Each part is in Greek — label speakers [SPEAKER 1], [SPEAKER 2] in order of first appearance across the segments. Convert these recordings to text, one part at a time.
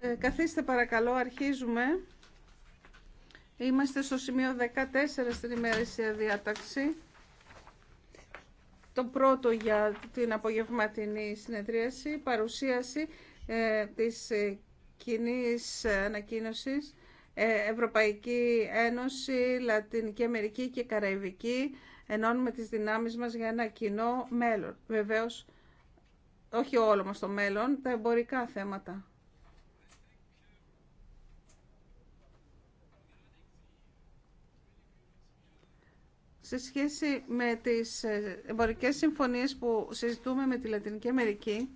[SPEAKER 1] Ε, καθίστε παρακαλώ, αρχίζουμε. Είμαστε στο σημείο 14 στην ημερήσια διάταξη. Το πρώτο για την απογευματινή συνεδρίαση, παρουσίαση ε, της ε, κοινή ανακοίνωσης ε, Ευρωπαϊκή Ένωση, Λατινική Αμερική και Καραϊβική ενώνουμε τις δυνάμεις μας για ένα κοινό μέλλον. Βεβαίως, όχι όλο μας το μέλλον, τα εμπορικά θέματα. σε σχέση με τις ε, εμπορικές συμφωνίες που συζητούμε με τη Λατινική Αμερική,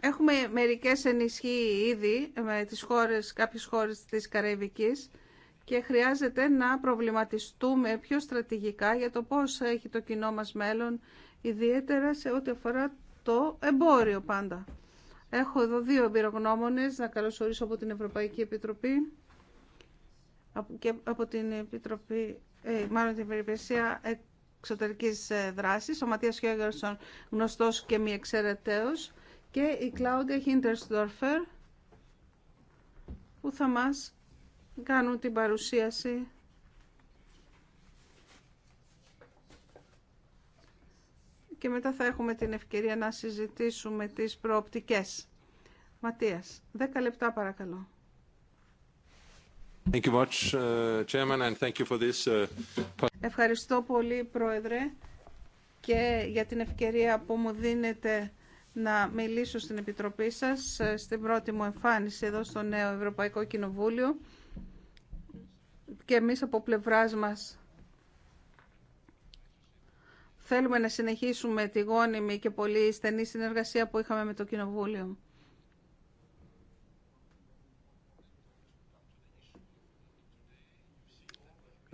[SPEAKER 1] Έχουμε μερικές ενισχύει ήδη με τις χώρες, κάποιες χώρες της Καραϊβικής και χρειάζεται να προβληματιστούμε πιο στρατηγικά για το πώς έχει το κοινό μας μέλλον, ιδιαίτερα σε ό,τι αφορά το εμπόριο πάντα. Έχω εδώ δύο εμπειρογνώμονες να καλωσορίσω από την Ευρωπαϊκή Επιτροπή και από την Επιτροπή, ε, μάλλον την Περιπηρεσία Εξωτερική ε, δράση ο Ματία Χιόγκερσον, γνωστό και μη εξαιρετέω και η Κλάουντια Χίντερστορφερ, που θα μας κάνουν την παρουσίαση και μετά θα έχουμε την ευκαιρία να συζητήσουμε τις προοπτικές. Ματίας, 10 λεπτά παρακαλώ. Ευχαριστώ πολύ, Πρόεδρε, και για την ευκαιρία που μου δίνετε να μιλήσω στην Επιτροπή σας ε, στην πρώτη μου εμφάνιση εδώ στο νέο Ευρωπαϊκό Κοινοβούλιο και εμείς από πλευράς μας θέλουμε να συνεχίσουμε τη γόνιμη και πολύ στενή συνεργασία που είχαμε με το Κοινοβούλιο.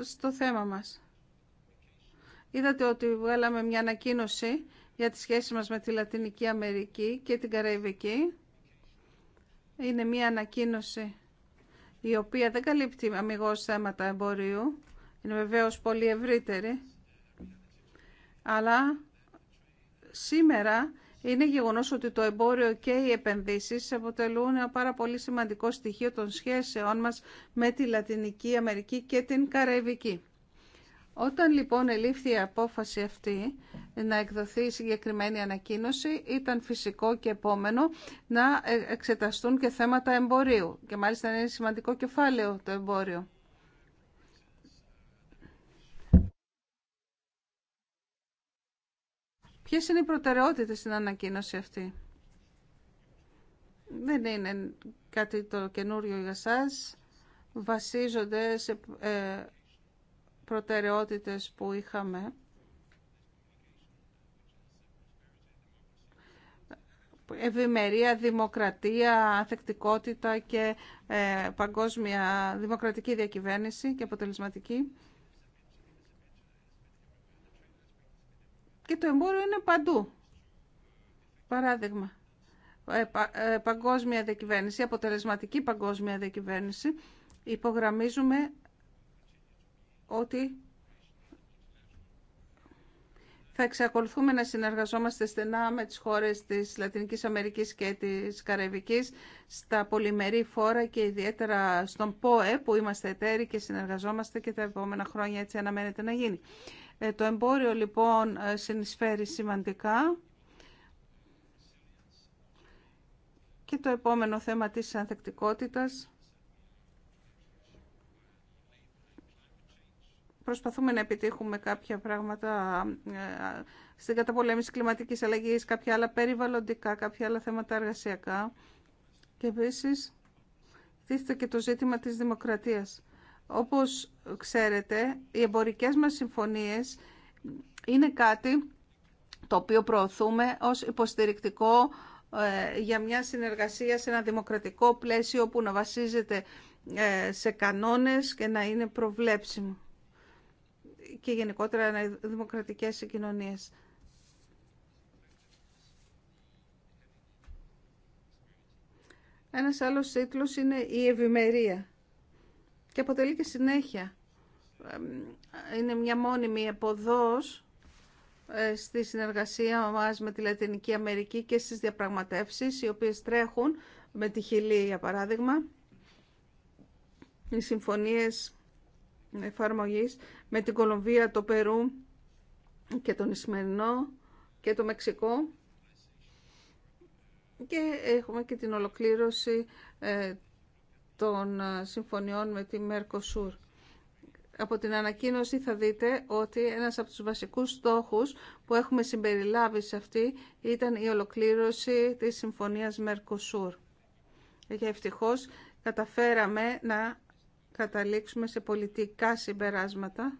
[SPEAKER 1] στο θέμα μας. Είδατε ότι βγάλαμε μια ανακοίνωση για τη σχέση μας με τη Λατινική Αμερική και την Καραϊβική. Είναι μια ανακοίνωση η οποία δεν καλύπτει αμυγός θέματα εμπορίου. Είναι βεβαίως πολύ ευρύτερη. Αλλά σήμερα είναι γεγονός ότι το εμπόριο και οι επενδύσει αποτελούν ένα πάρα πολύ σημαντικό στοιχείο των σχέσεών μας με τη Λατινική Αμερική και την Καραϊβική. Όταν λοιπόν ελήφθη η απόφαση αυτή να εκδοθεί η συγκεκριμένη ανακοίνωση, ήταν φυσικό και επόμενο να ε, εξεταστούν και θέματα εμπορίου. Και μάλιστα είναι σημαντικό κεφάλαιο το εμπόριο. Ποιες είναι οι προτεραιότητες στην ανακοίνωση αυτή. Δεν είναι κάτι το καινούριο για σας. Βασίζονται σε ε, προτεραιότητες που είχαμε. Ευημερία, δημοκρατία, ανθεκτικότητα και ε, παγκόσμια δημοκρατική διακυβέρνηση και αποτελεσματική. και το εμπόριο είναι παντού. Παράδειγμα, ε, ε, παγκόσμια διακυβέρνηση, αποτελεσματική παγκόσμια διακυβέρνηση, υπογραμμίζουμε ότι θα εξακολουθούμε να συνεργαζόμαστε στενά με τις χώρες της Λατινικής Αμερικής και της Καραϊβικής στα πολυμερή φόρα και ιδιαίτερα στον ΠΟΕ που είμαστε εταίροι και συνεργαζόμαστε και τα επόμενα χρόνια έτσι αναμένεται να γίνει. Ε, το εμπόριο λοιπόν ε, συνεισφέρει σημαντικά. Και το επόμενο θέμα της ανθεκτικότητας. Προσπαθούμε να επιτύχουμε κάποια πράγματα ε, στην καταπολέμηση κλιματικής αλλαγής, κάποια άλλα περιβαλλοντικά, κάποια άλλα θέματα εργασιακά. Και επίσης, δείχνει και το ζήτημα της δημοκρατίας. Όπως ξέρετε, οι εμπορικές μας συμφωνίες είναι κάτι το οποίο προωθούμε ως υποστηρικτικό ε, για μια συνεργασία σε ένα δημοκρατικό πλαίσιο που να βασίζεται ε, σε κανόνες και να είναι προβλέψιμο και γενικότερα να δημοκρατικές συγκοινωνίες. Ένας άλλος τίτλος είναι η ευημερία και αποτελεί και συνέχεια. Είναι μια μόνιμη εποδός ε, στη συνεργασία μας με τη Λατινική Αμερική και στις διαπραγματεύσεις οι οποίες τρέχουν με τη Χιλή για παράδειγμα οι συμφωνίες εφαρμογής με την Κολομβία, το Περού και τον Ισημερινό και το Μεξικό και έχουμε και την ολοκλήρωση ε, των ε, συμφωνιών με τη Μερκοσούρ. Από την ανακοίνωση θα δείτε ότι ένας από τους βασικούς στόχους που έχουμε συμπεριλάβει σε αυτή ήταν η ολοκλήρωση της συμφωνίας Μερκοσούρ. Και ευτυχώς καταφέραμε να καταλήξουμε σε πολιτικά συμπεράσματα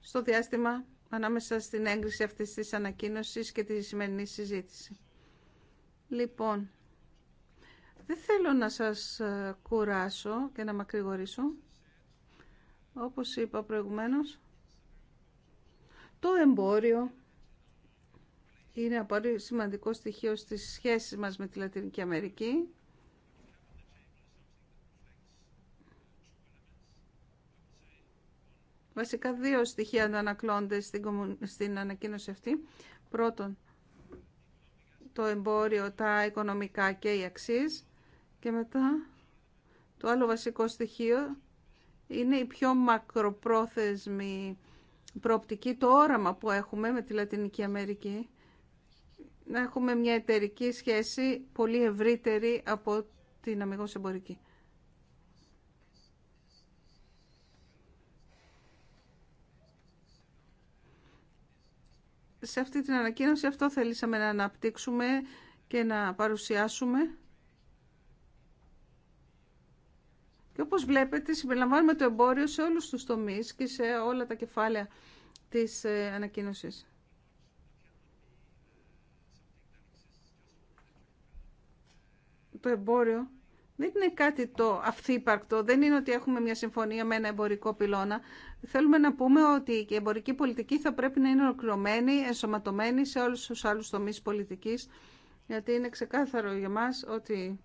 [SPEAKER 1] στο διάστημα ανάμεσα στην έγκριση αυτής της ανακοίνωσης και τη σημερινή συζήτηση. Λοιπόν, δεν θέλω να σας ε, κουράσω και να μακρηγορήσω. Όπως είπα προηγουμένως, το εμπόριο είναι ένα πολύ σημαντικό στοιχείο στις σχέσεις μας με τη Λατινική Αμερική. Βασικά δύο στοιχεία ανακλώνται στην ανακοίνωση αυτή. Πρώτον, το εμπόριο, τα οικονομικά και οι αξίες και μετά το άλλο βασικό στοιχείο είναι η πιο μακροπρόθεσμη προοπτική, το όραμα που έχουμε με τη Λατινική Αμερική. Να έχουμε μια εταιρική σχέση πολύ ευρύτερη από την αμυγός εμπορική. Σε αυτή την ανακοίνωση αυτό θέλησαμε να αναπτύξουμε και να παρουσιάσουμε Και όπως βλέπετε συμπεριλαμβάνουμε το εμπόριο σε όλους τους τομείς και σε όλα τα κεφάλαια της ε, ανακοίνωσης. Το εμπόριο δεν είναι κάτι το αυθύπαρκτο, δεν είναι ότι έχουμε μια συμφωνία με ένα εμπορικό πυλώνα. Θέλουμε να πούμε ότι η εμπορική πολιτική θα πρέπει να είναι ολοκληρωμένη, ενσωματωμένη σε όλους τους άλλους τομείς πολιτικής, γιατί είναι ξεκάθαρο για μας ότι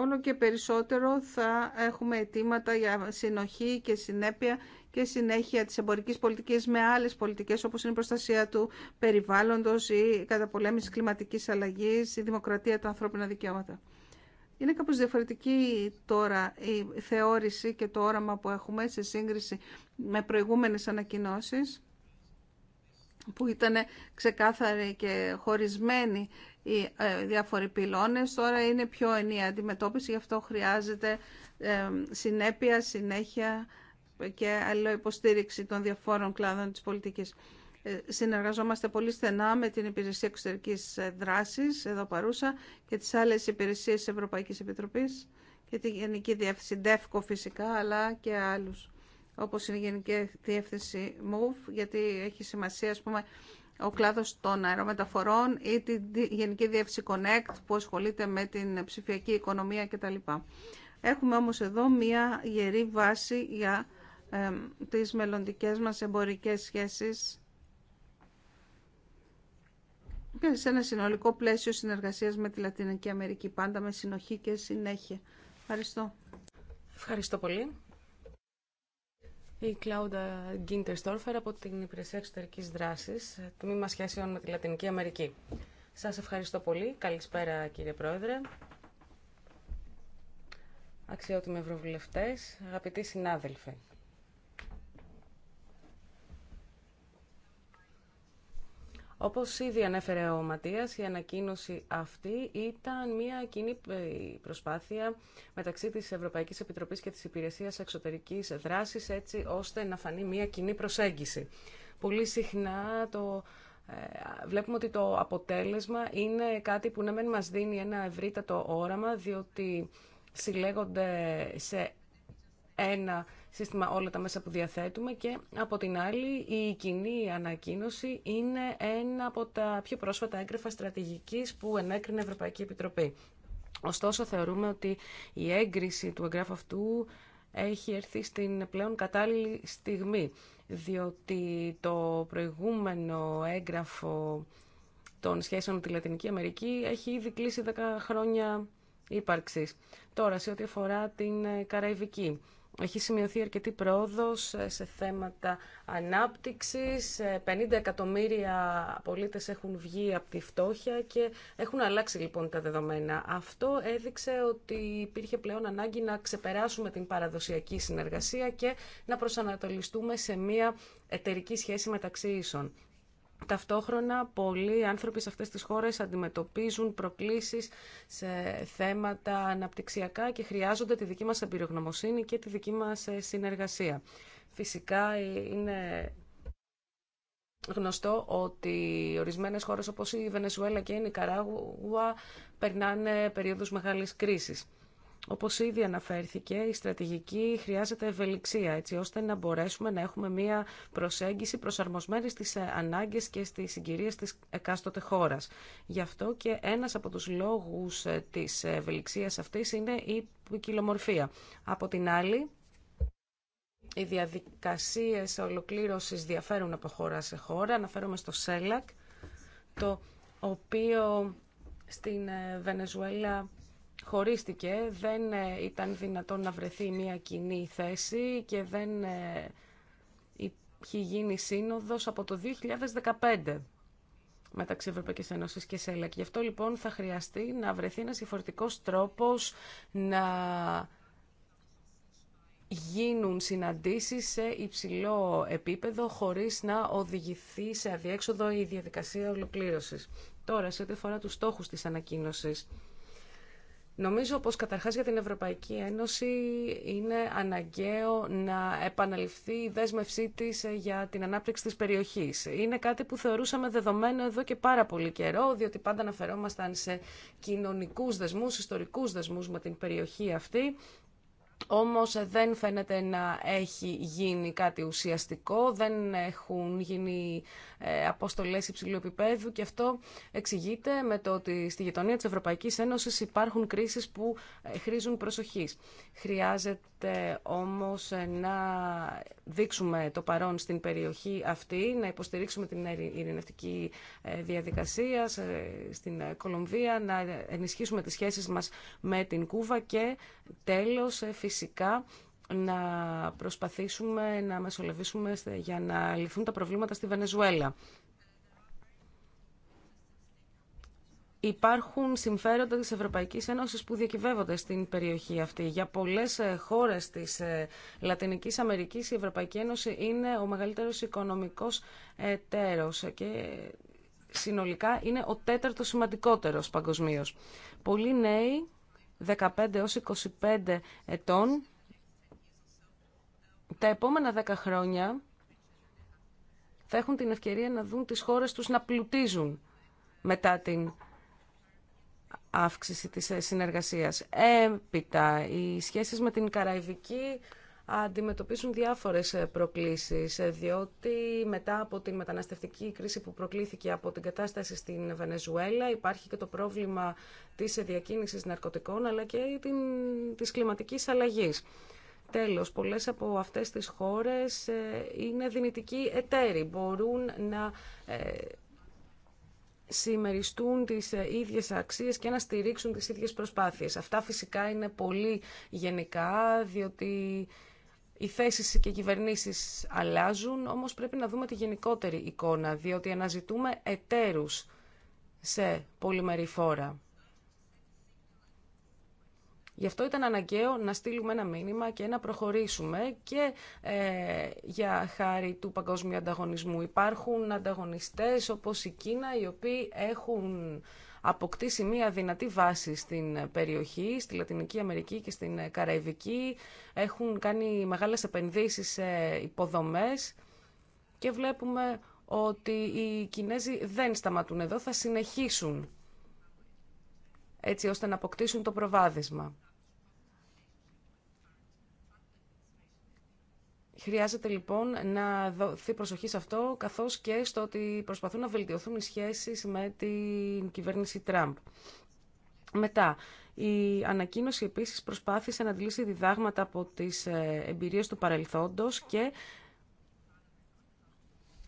[SPEAKER 1] όλο και περισσότερο θα έχουμε αιτήματα για συνοχή και συνέπεια και συνέχεια της εμπορικής πολιτικής με άλλες πολιτικές όπως είναι η προστασία του περιβάλλοντος, η καταπολέμηση κλιματικής αλλαγής, η δημοκρατία, τα ανθρώπινα δικαιώματα. Είναι κάπως διαφορετική τώρα η θεώρηση και το όραμα που έχουμε σε σύγκριση με προηγούμενες ανακοινώσεις που ήταν ξεκάθαρη και χωρισμένη οι ε, διάφοροι πυλώνες. Τώρα είναι πιο ενιαία αντιμετώπιση, γι' αυτό χρειάζεται ε, συνέπεια, συνέχεια και αλληλοϊποστήριξη των διαφόρων κλάδων της πολιτικής. Ε, συνεργαζόμαστε πολύ στενά με την Υπηρεσία Εξωτερικής Δράσης, εδώ παρούσα, και τις άλλες υπηρεσίες της Ευρωπαϊκής Επιτροπής και τη Γενική Διεύθυνση, ΔΕΦΚΟ φυσικά, αλλά και άλλους, όπως είναι η Γενική Διεύθυνση MOVE, γιατί έχει σημασία, ας πούμε, ο κλάδος των αερομεταφορών ή τη Γενική Διεύθυνση Connect που ασχολείται με την ψηφιακή οικονομία κτλ. Έχουμε όμως εδώ μία γερή βάση για ε, τις μελλοντικές μας εμπορικές σχέσεις και σε ένα συνολικό πλαίσιο συνεργασίας με τη Λατινική Αμερική, πάντα με συνοχή και συνέχεια. Ευχαριστώ.
[SPEAKER 2] Ευχαριστώ πολύ. Η Κλάουντα Γκίντερ από την Υπηρεσία Εξωτερική Δράση, τμήμα σχέσεων με τη Λατινική Αμερική. Σα ευχαριστώ πολύ. Καλησπέρα, κύριε Πρόεδρε. Αξιότιμοι Ευρωβουλευτέ, αγαπητοί συνάδελφοι. Όπως ήδη ανέφερε ο Ματίας, η ανακοίνωση αυτή ήταν μια κοινή προσπάθεια μεταξύ της Ευρωπαϊκής Επιτροπής και της Υπηρεσίας Εξωτερικής Δράσης, έτσι ώστε να φανεί μια κοινή προσέγγιση. Πολύ συχνά το ε, βλέπουμε ότι το αποτέλεσμα είναι κάτι που να μην μας δίνει ένα ευρύτατο όραμα, διότι συλλέγονται σε ένα σύστημα όλα τα μέσα που διαθέτουμε και από την άλλη η κοινή ανακοίνωση είναι ένα από τα πιο πρόσφατα έγγραφα στρατηγικής που ενέκρινε η Ευρωπαϊκή Επιτροπή. Ωστόσο θεωρούμε ότι η έγκριση του εγγράφου αυτού έχει έρθει στην πλέον κατάλληλη στιγμή, διότι το προηγούμενο έγγραφο των σχέσεων με τη Λατινική Αμερική έχει ήδη κλείσει 10 χρόνια ύπαρξης. Τώρα, σε ό,τι αφορά την Καραϊβική, έχει σημειωθεί αρκετή πρόοδος ε, σε θέματα ανάπτυξης. 50 ε, εκατομμύρια πολίτες έχουν βγει από τη φτώχεια και έχουν αλλάξει λοιπόν τα δεδομένα. Αυτό έδειξε ότι υπήρχε πλέον ανάγκη να ξεπεράσουμε την παραδοσιακή συνεργασία και να προσανατολιστούμε σε μια εταιρική σχέση μεταξύ ίσων. Ταυτόχρονα, πολλοί άνθρωποι σε αυτές τις χώρες αντιμετωπίζουν προκλήσεις σε θέματα αναπτυξιακά και χρειάζονται τη δική μας εμπειρογνωμοσύνη και τη δική μας ε, συνεργασία. Φυσικά, ε, είναι γνωστό ότι ορισμένες χώρες όπως η Βενεζουέλα και η Νικαράγουα περνάνε περίοδους μεγάλης κρίσης. Όπως ήδη αναφέρθηκε, η στρατηγική χρειάζεται ευελιξία, έτσι ώστε να μπορέσουμε να έχουμε μία προσέγγιση προσαρμοσμένη στις ε, ανάγκες και στις συγκυρίες της εκάστοτε χώρας. Γι' αυτό και ένας από τους λόγους ε, της ευελιξίας αυτής είναι η ποικιλομορφία. Από την άλλη, οι διαδικασίες ολοκλήρωσης διαφέρουν από χώρα σε χώρα. Αναφέρομαι στο ΣΕΛΑΚ, το οποίο στην ε, Βενεζουέλα χωρίστηκε, δεν ε, ήταν δυνατόν να βρεθεί μια κοινή θέση και δεν ε, είχε γίνει σύνοδος από το 2015 μεταξύ Ευρωπαϊκής Ένωσης και ΣΕΛΕΚ. Γι' αυτό λοιπόν θα χρειαστεί να βρεθεί ένας διαφορετικό τρόπος να γίνουν συναντήσεις σε υψηλό επίπεδο χωρίς να οδηγηθεί σε αδιέξοδο η διαδικασία ολοκλήρωσης. Τώρα, σε ό,τι αφορά τους στόχους της ανακοίνωσης, Νομίζω πως καταρχάς για την Ευρωπαϊκή Ένωση είναι αναγκαίο να επαναληφθεί η δέσμευσή της ε, για την ανάπτυξη της περιοχής. Είναι κάτι που θεωρούσαμε δεδομένο εδώ και πάρα πολύ καιρό, διότι πάντα αναφερόμασταν σε κοινωνικούς δεσμούς, ιστορικούς δεσμούς με την περιοχή αυτή. Όμως ε, δεν φαίνεται να έχει γίνει κάτι ουσιαστικό, δεν έχουν γίνει ε, αποστολές υψηλού επίπεδου και αυτό εξηγείται με το ότι στη γειτονία της Ευρωπαϊκής Ένωσης υπάρχουν κρίσεις που ε, χρήζουν προσοχής. Χρειάζεται όμως ε, να δείξουμε το παρόν στην περιοχή αυτή, να υποστηρίξουμε την ειρηνευτική διαδικασία στην Κολομβία, να ενισχύσουμε τις σχέσεις μας με την Κούβα και τέλος φυσικά να προσπαθήσουμε να μεσολαβήσουμε για να λυθούν τα προβλήματα στη Βενεζουέλα. Υπάρχουν συμφέροντα της Ευρωπαϊκής Ένωσης που διακυβεύονται στην περιοχή αυτή. Για πολλές ε, χώρες της ε, Λατινικής Αμερικής η Ευρωπαϊκή Ένωση είναι ο μεγαλύτερος οικονομικός εταίρος και συνολικά είναι ο τέταρτος σημαντικότερος παγκοσμίω. Πολλοί νέοι, 15 έως 25 ετών, τα επόμενα δέκα χρόνια θα έχουν την ευκαιρία να δουν τις χώρες τους να πλουτίζουν μετά την αύξηση της ε, συνεργασίας. Έπειτα, οι σχέσεις με την Καραϊβική αντιμετωπίζουν διάφορες ε, προκλήσεις, ε, διότι μετά από την μεταναστευτική κρίση που προκλήθηκε από την κατάσταση στην Βενεζουέλα υπάρχει και το πρόβλημα της διακίνησης ναρκωτικών αλλά και της κλιματικής αλλαγής. Τέλος, πολλές από αυτές τις χώρες ε, είναι δυνητικοί εταίροι. Μπορούν να ε, συμμεριστούν τις ε, ίδιες αξίες και να στηρίξουν τις ίδιες προσπάθειες. Αυτά φυσικά είναι πολύ γενικά, διότι οι θέσεις και οι κυβερνήσεις αλλάζουν, όμως πρέπει να δούμε τη γενικότερη εικόνα, διότι αναζητούμε εταίρους σε πολυμερή φόρα. Γι' αυτό ήταν αναγκαίο να στείλουμε ένα μήνυμα και να προχωρήσουμε και ε, για χάρη του παγκόσμιου ανταγωνισμού. Υπάρχουν ανταγωνιστές όπως η Κίνα οι οποίοι έχουν αποκτήσει μια δυνατή βάση στην περιοχή, στη Λατινική Αμερική και στην Καραϊβική. Έχουν κάνει μεγάλες επενδύσεις σε υποδομές και βλέπουμε ότι οι Κινέζοι δεν σταματούν εδώ, θα συνεχίσουν έτσι ώστε να αποκτήσουν το προβάδισμα. Χρειάζεται λοιπόν να δοθεί προσοχή σε αυτό, καθώς και στο ότι προσπαθούν να βελτιωθούν οι σχέσεις με την κυβέρνηση Τραμπ. Μετά, η ανακοίνωση επίσης προσπάθησε να αντλήσει διδάγματα από τις ε, εμπειρίες του παρελθόντος και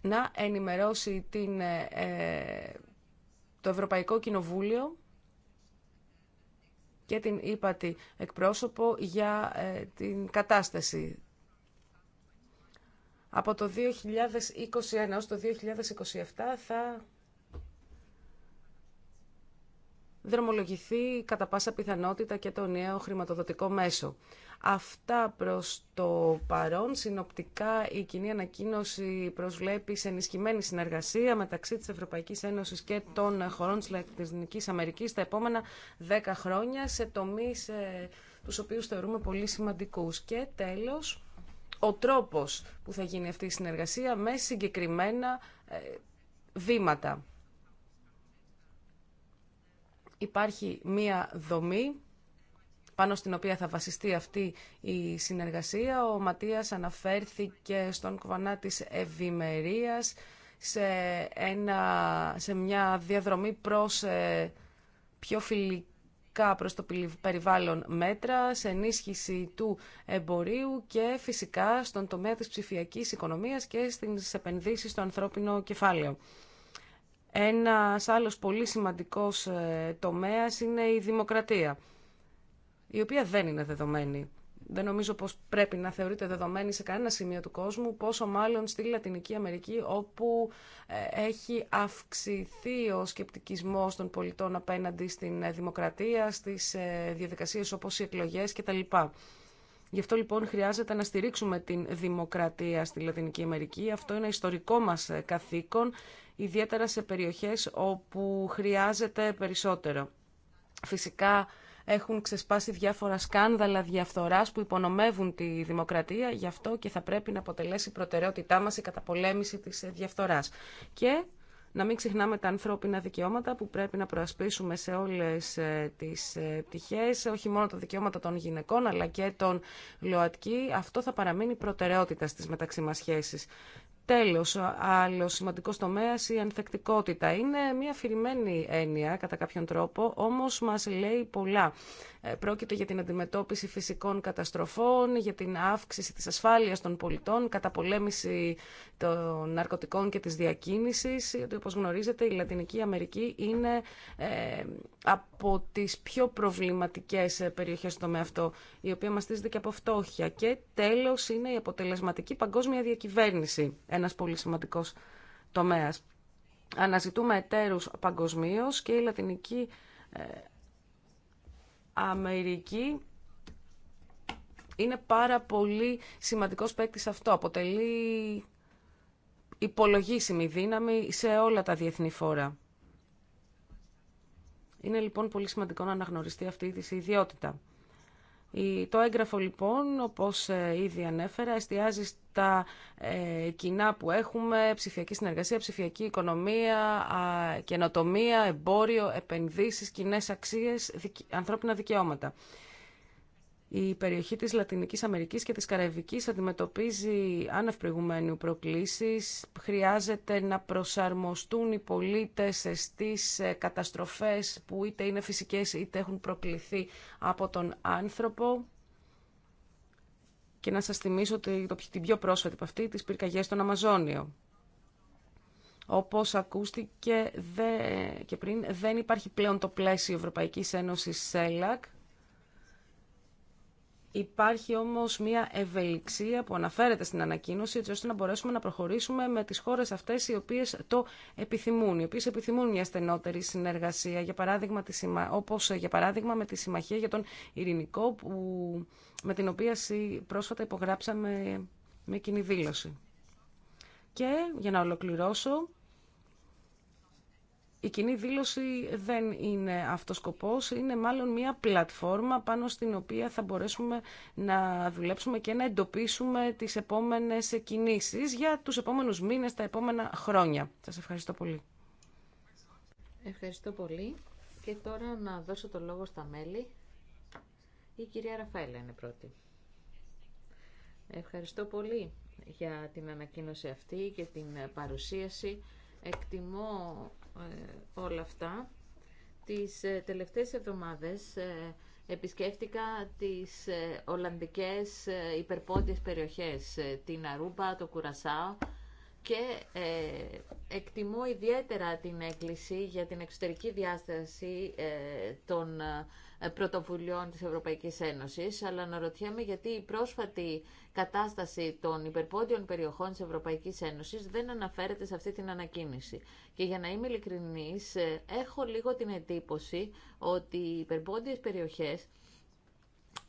[SPEAKER 2] να ενημερώσει την, ε, ε, το Ευρωπαϊκό Κοινοβούλιο και την ύπατη εκπρόσωπο για την κατάσταση από το 2021 έως το 2027 θα δρομολογηθεί κατά πάσα πιθανότητα και το νέο χρηματοδοτικό μέσο. Αυτά προς το παρόν. Συνοπτικά η κοινή ανακοίνωση προσβλέπει σε ενισχυμένη συνεργασία μεταξύ της Ευρωπαϊκής Ένωσης και των χωρών της Λατινικής Αμερικής τα επόμενα 10 χρόνια σε τομείς ε, τους οποίους θεωρούμε πολύ σημαντικούς. Και τέλος ο τρόπος που θα γίνει αυτή η συνεργασία με συγκεκριμένα ε, βήματα. Υπάρχει μία δομή πάνω στην οποία θα βασιστεί αυτή η συνεργασία. Ο Ματίας αναφέρθηκε στον κοβανά της ευημερία σε, ένα, μια διαδρομή προς ε, πιο φιλική σχετικά προς το περιβάλλον μέτρα, σε ενίσχυση του εμπορίου και φυσικά στον τομέα της ψηφιακής οικονομίας και στις επενδύσεις στο ανθρώπινο κεφάλαιο. Ένας άλλος πολύ σημαντικός ε, τομέας είναι η δημοκρατία, η οποία δεν είναι δεδομένη. Δεν νομίζω πως πρέπει να θεωρείται δεδομένη σε κανένα σημείο του κόσμου, πόσο μάλλον στη Λατινική Αμερική, όπου ε, έχει αυξηθεί ο σκεπτικισμός των πολιτών απέναντι στην ε, δημοκρατία, στις ε, διαδικασίες όπως οι εκλογές κτλ. Γι' αυτό λοιπόν χρειάζεται να στηρίξουμε την δημοκρατία στη Λατινική Αμερική. Αυτό είναι ιστορικό μας καθήκον, ιδιαίτερα σε περιοχές όπου χρειάζεται περισσότερο. Φυσικά έχουν ξεσπάσει διάφορα σκάνδαλα διαφθοράς που υπονομεύουν τη δημοκρατία, γι' αυτό και θα πρέπει να αποτελέσει προτεραιότητά μας η καταπολέμηση της διαφθοράς. Και να μην ξεχνάμε τα ανθρώπινα δικαιώματα που πρέπει να προασπίσουμε σε όλες ε, τις ε, πτυχές, όχι μόνο τα δικαιώματα των γυναικών αλλά και των ΛΟΑΤΚΙ. Αυτό θα παραμείνει προτεραιότητα στις μεταξύ μας σχέσεις. Τέλος, άλλο σημαντικός τομέας, η ανθεκτικότητα. Είναι μια αφηρημένη έννοια κατά κάποιον τρόπο, όμως μας λέει πολλά. Ε, πρόκειται για την αντιμετώπιση φυσικών καταστροφών, για την αύξηση της ασφάλειας των πολιτών, καταπολέμηση των ναρκωτικών και της διακίνησης. Γιατί όπως γνωρίζετε η Λατινική Αμερική είναι ε, από τις πιο προβληματικές ε, περιοχές στο τομέα αυτό, η οποία μαστίζεται και από φτώχεια. Και τέλος είναι η αποτελεσματική παγκόσμια διακυβέρνηση ένας πολύ σημαντικός τομέας. Αναζητούμε εταίρους παγκοσμίω και η Λατινική ε, Αμερική είναι πάρα πολύ σημαντικός παίκτη αυτό. Αποτελεί υπολογίσιμη δύναμη σε όλα τα διεθνή φόρα. Είναι λοιπόν πολύ σημαντικό να αναγνωριστεί αυτή η ιδιότητα. Το έγγραφο λοιπόν, όπως ε, ήδη ανέφερα, εστιάζει τα ε, κοινά που έχουμε, ψηφιακή συνεργασία, ψηφιακή οικονομία, καινοτομία, εμπόριο, επενδύσεις, κοινέ αξίες, ανθρώπινα δικαιώματα. Η περιοχή της Λατινικής Αμερικής και της Καραϊβικής αντιμετωπίζει άνευ προηγουμένου προκλήσεις. Χρειάζεται να προσαρμοστούν οι πολίτες στις ε, καταστροφές που είτε είναι φυσικές είτε έχουν προκληθεί από τον άνθρωπο και να σας θυμίσω ότι την πιο πρόσφατη από αυτή, τις πυρκαγιές στον Αμαζόνιο. Όπως ακούστηκε δε, και πριν, δεν υπάρχει πλέον το πλαίσιο Ευρωπαϊκής Ένωσης ΣΕΛΑΚ, Υπάρχει όμως μια ευελιξία που αναφέρεται στην ανακοίνωση έτσι ώστε να μπορέσουμε να προχωρήσουμε με τις χώρες αυτές οι οποίες το επιθυμούν, οι οποίες επιθυμούν μια στενότερη συνεργασία, για παράδειγμα, όπως ε, για παράδειγμα με τη Συμμαχία για τον Ειρηνικό που, με την οποία πρόσφατα υπογράψαμε με κοινή δήλωση. Και για να ολοκληρώσω, η κοινή δήλωση δεν είναι αυτός σκοπός, είναι μάλλον μια πλατφόρμα πάνω στην οποία θα μπορέσουμε να δουλέψουμε και να εντοπίσουμε τις επόμενες κινήσεις για τους επόμενους μήνες, τα επόμενα χρόνια. Σας ευχαριστώ πολύ.
[SPEAKER 3] Ευχαριστώ πολύ. Και τώρα να δώσω το λόγο στα μέλη. Η κυρία Ραφαέλα είναι πρώτη. Ευχαριστώ πολύ για την ανακοίνωση αυτή και την παρουσίαση. Εκτιμώ ε, όλα αυτά. Τις ε, τελευταίες εβδομάδες ε, επισκέφτηκα τις Ολλανδικές υπερπόντιες περιοχές, την Αρούμπα, το Κουρασάο και εκτιμώ ιδιαίτερα την έκκληση για την εξωτερική διάσταση των ε, πρωτοβουλειών της Ευρωπαϊκής Ένωσης, αλλά αναρωτιέμαι γιατί η πρόσφατη κατάσταση των υπερπόντιων περιοχών της Ευρωπαϊκής Ένωσης δεν αναφέρεται σε αυτή την ανακοίνηση. Και για να είμαι ειλικρινής, ε, έχω λίγο την εντύπωση ότι οι υπερπόντιες περιοχές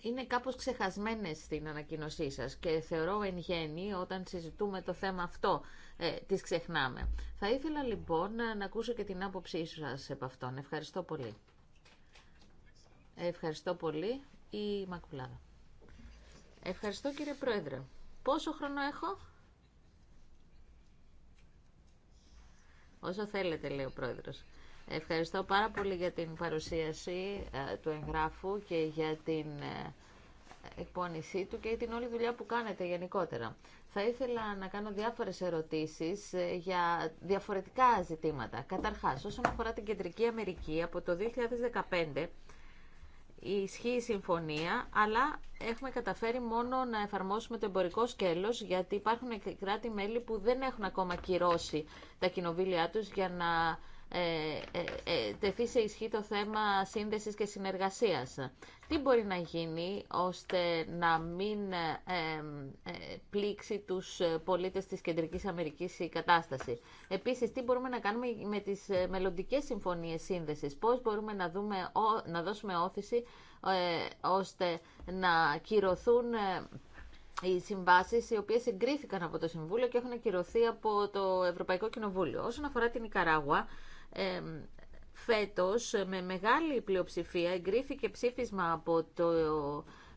[SPEAKER 3] είναι κάπως ξεχασμένες στην ανακοινωσή σας και θεωρώ εν γέννη όταν συζητούμε το θέμα αυτό ε, τις ξεχνάμε. Θα ήθελα λοιπόν να ακούσω και την άποψή σας επ' αυτόν. Ευχαριστώ πολύ. Ευχαριστώ πολύ. Η Μακουλάδα. Ευχαριστώ κύριε Πρόεδρε. Πόσο χρόνο έχω? Όσο θέλετε, λέει ο Πρόεδρος. Ευχαριστώ πάρα πολύ για την παρουσίαση ε, του εγγράφου και για την ε, εκπόνησή του και την όλη δουλειά που κάνετε γενικότερα. Θα ήθελα να κάνω διάφορες ερωτήσεις ε, για διαφορετικά ζητήματα. Καταρχάς, όσον αφορά την Κεντρική Αμερική, από το 2015 ισχύει η συμφωνία, αλλά έχουμε καταφέρει μόνο να εφαρμόσουμε το εμπορικό σκέλος, γιατί υπάρχουν κράτη-μέλη που δεν έχουν ακόμα κυρώσει τα κοινοβίλια τους για να ε, ε, ε, τεθεί σε ισχύ το θέμα σύνδεσης και συνεργασίας. Τι μπορεί να γίνει ώστε να μην πλήξει τους πολίτες της Κεντρικής Αμερικής η κατάσταση. Επίσης, τι μπορούμε να κάνουμε με τις μελλοντικέ συμφωνίες σύνδεσης. Πώς μπορούμε να, δούμε, να δώσουμε όθηση ώστε να κυρωθούν οι συμβάσεις οι οποίες εγκρίθηκαν από το Συμβούλιο και έχουν ακυρωθεί από το Ευρωπαϊκό Κοινοβούλιο. Όσον αφορά την Ικαράγουα, φέτος με μεγάλη πλειοψηφία εγκρίθηκε ψήφισμα από το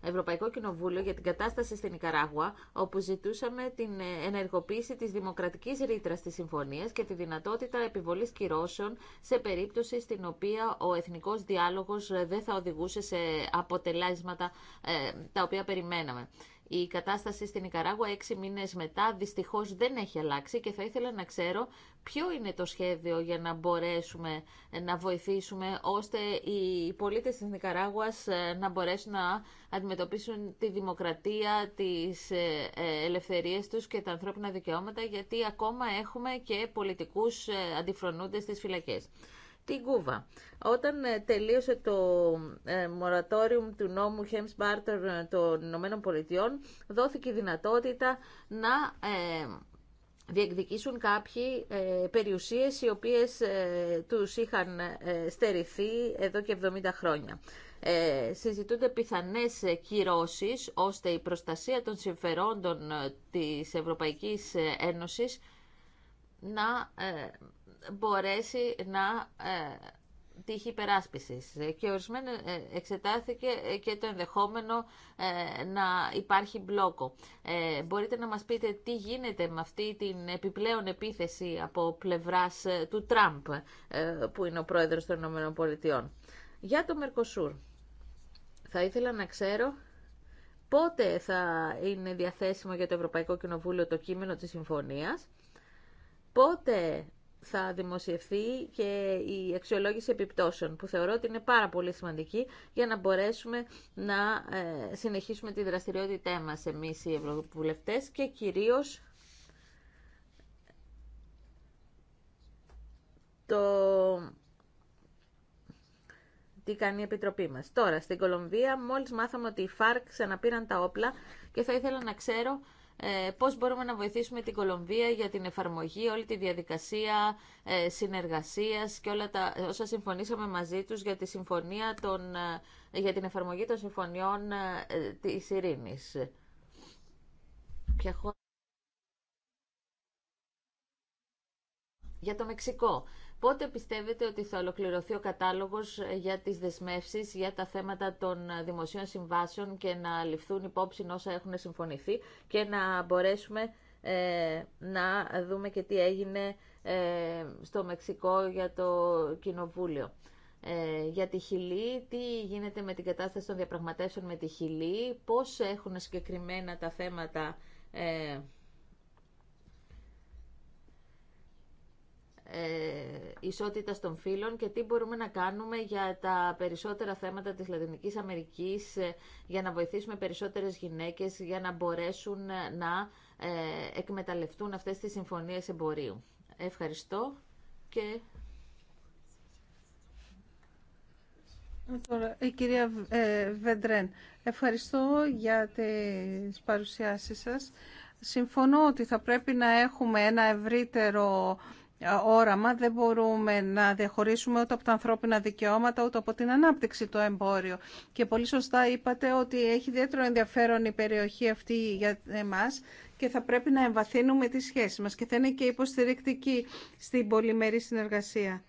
[SPEAKER 3] Ευρωπαϊκό Κοινοβούλιο για την κατάσταση στην Ικαράγουα, όπου ζητούσαμε την ενεργοποίηση της δημοκρατικής ρήτρας της συμφωνίας και τη δυνατότητα επιβολής κυρώσεων σε περίπτωση στην οποία ο εθνικός διάλογος ε, δεν θα οδηγούσε σε αποτελέσματα ε, τα οποία περιμέναμε. Η κατάσταση στην Ικαράγουα έξι μήνες μετά δυστυχώς δεν έχει αλλάξει και θα ήθελα να ξέρω ποιο είναι το σχέδιο για να μπορέσουμε να βοηθήσουμε ώστε οι πολίτες της Νικαράγουας ε, να μπορέσουν να αντιμετωπίσουν τη δημοκρατία, τις ε, ε, ελευθερίες τους και τα ανθρώπινα δικαιώματα γιατί ακόμα έχουμε και πολιτικούς αντιφρονούντες στις φυλακές την Κούβα. Όταν ε, τελείωσε το ε, μορατόριο του νόμου Χέμς Μπάρτερ ε, των Ηνωμένων Πολιτειών, δόθηκε η δυνατότητα να διεκδικήσουν κάποιοι περιουσίες οι οποίες τους είχαν στερηθεί εδώ και 70 χρόνια. Ε, συζητούνται πιθανές κυρώσεις ώστε η προστασία των συμφερόντων της Ευρωπαϊκής Ένωσης να μπορέσει να ε, τύχει υπεράσπιση. και ορισμένα ε, εξετάθηκε και το ενδεχόμενο ε, να υπάρχει μπλόκο. Μπορείτε να μας πείτε τι γίνεται με αυτή την επιπλέον επίθεση από πλευράς του Τραμπ που είναι ο πρόεδρος των ΗΠΑ. Για το Μερκοσούρ θα ήθελα να ξέρω πότε θα είναι διαθέσιμο για το Ευρωπαϊκό Κοινοβούλιο το κείμενο της συμφωνίας, πότε θα δημοσιευθεί και η αξιολόγηση επιπτώσεων, που θεωρώ ότι είναι πάρα πολύ σημαντική για να μπορέσουμε να ε, συνεχίσουμε τη δραστηριότητά μας εμείς οι Ευρωβουλευτές και κυρίως το τι κάνει η Επιτροπή μας. Τώρα, στην Κολομβία μόλις μάθαμε ότι οι ΦΑΡΚ ξαναπήραν τα όπλα και θα ήθελα να ξέρω ε, πώς μπορούμε να βοηθήσουμε την Κολομβία για την εφαρμογή, όλη τη διαδικασία ε, συνεργασίας και όλα τα όσα συμφωνήσαμε μαζί τους για, τη συμφωνία των, ε, για την εφαρμογή των συμφωνιών της ειρήνης. Για το Μεξικό. Πότε πιστεύετε ότι θα ολοκληρωθεί ο κατάλογος ε, για τις δεσμεύσεις, για τα θέματα των ε, δημοσίων συμβάσεων και να ληφθούν υπόψη όσα έχουν συμφωνηθεί και να μπορέσουμε ε, να δούμε και τι έγινε στο Μεξικό για το Κοινοβούλιο. Ε, για τη Χιλή, τι γίνεται με την κατάσταση των διαπραγματεύσεων με τη Χιλή, πώς έχουν συγκεκριμένα τα θέματα Ε, ισότητα των φύλων και τι μπορούμε να κάνουμε για τα περισσότερα θέματα της Λατινικής Αμερικής ε, για να βοηθήσουμε περισσότερες γυναίκες για να μπορέσουν ε, να εκμεταλλευτούν αυτές τις συμφωνίες εμπορίου. Ευχαριστώ και...
[SPEAKER 1] Τώρα, η κυρία Βεντρέν, ευχαριστώ για τις παρουσιάσεις σας. Συμφωνώ ότι θα πρέπει να έχουμε ένα ευρύτερο όραμα δεν μπορούμε να διαχωρίσουμε ούτε από τα ανθρώπινα δικαιώματα ούτε από την ανάπτυξη το εμπόριο. Και πολύ σωστά είπατε ότι έχει ιδιαίτερο ενδιαφέρον η περιοχή αυτή για εμάς και θα πρέπει να εμβαθύνουμε τη σχέση μας και θα είναι και υποστηρικτική στην πολυμερή συνεργασία.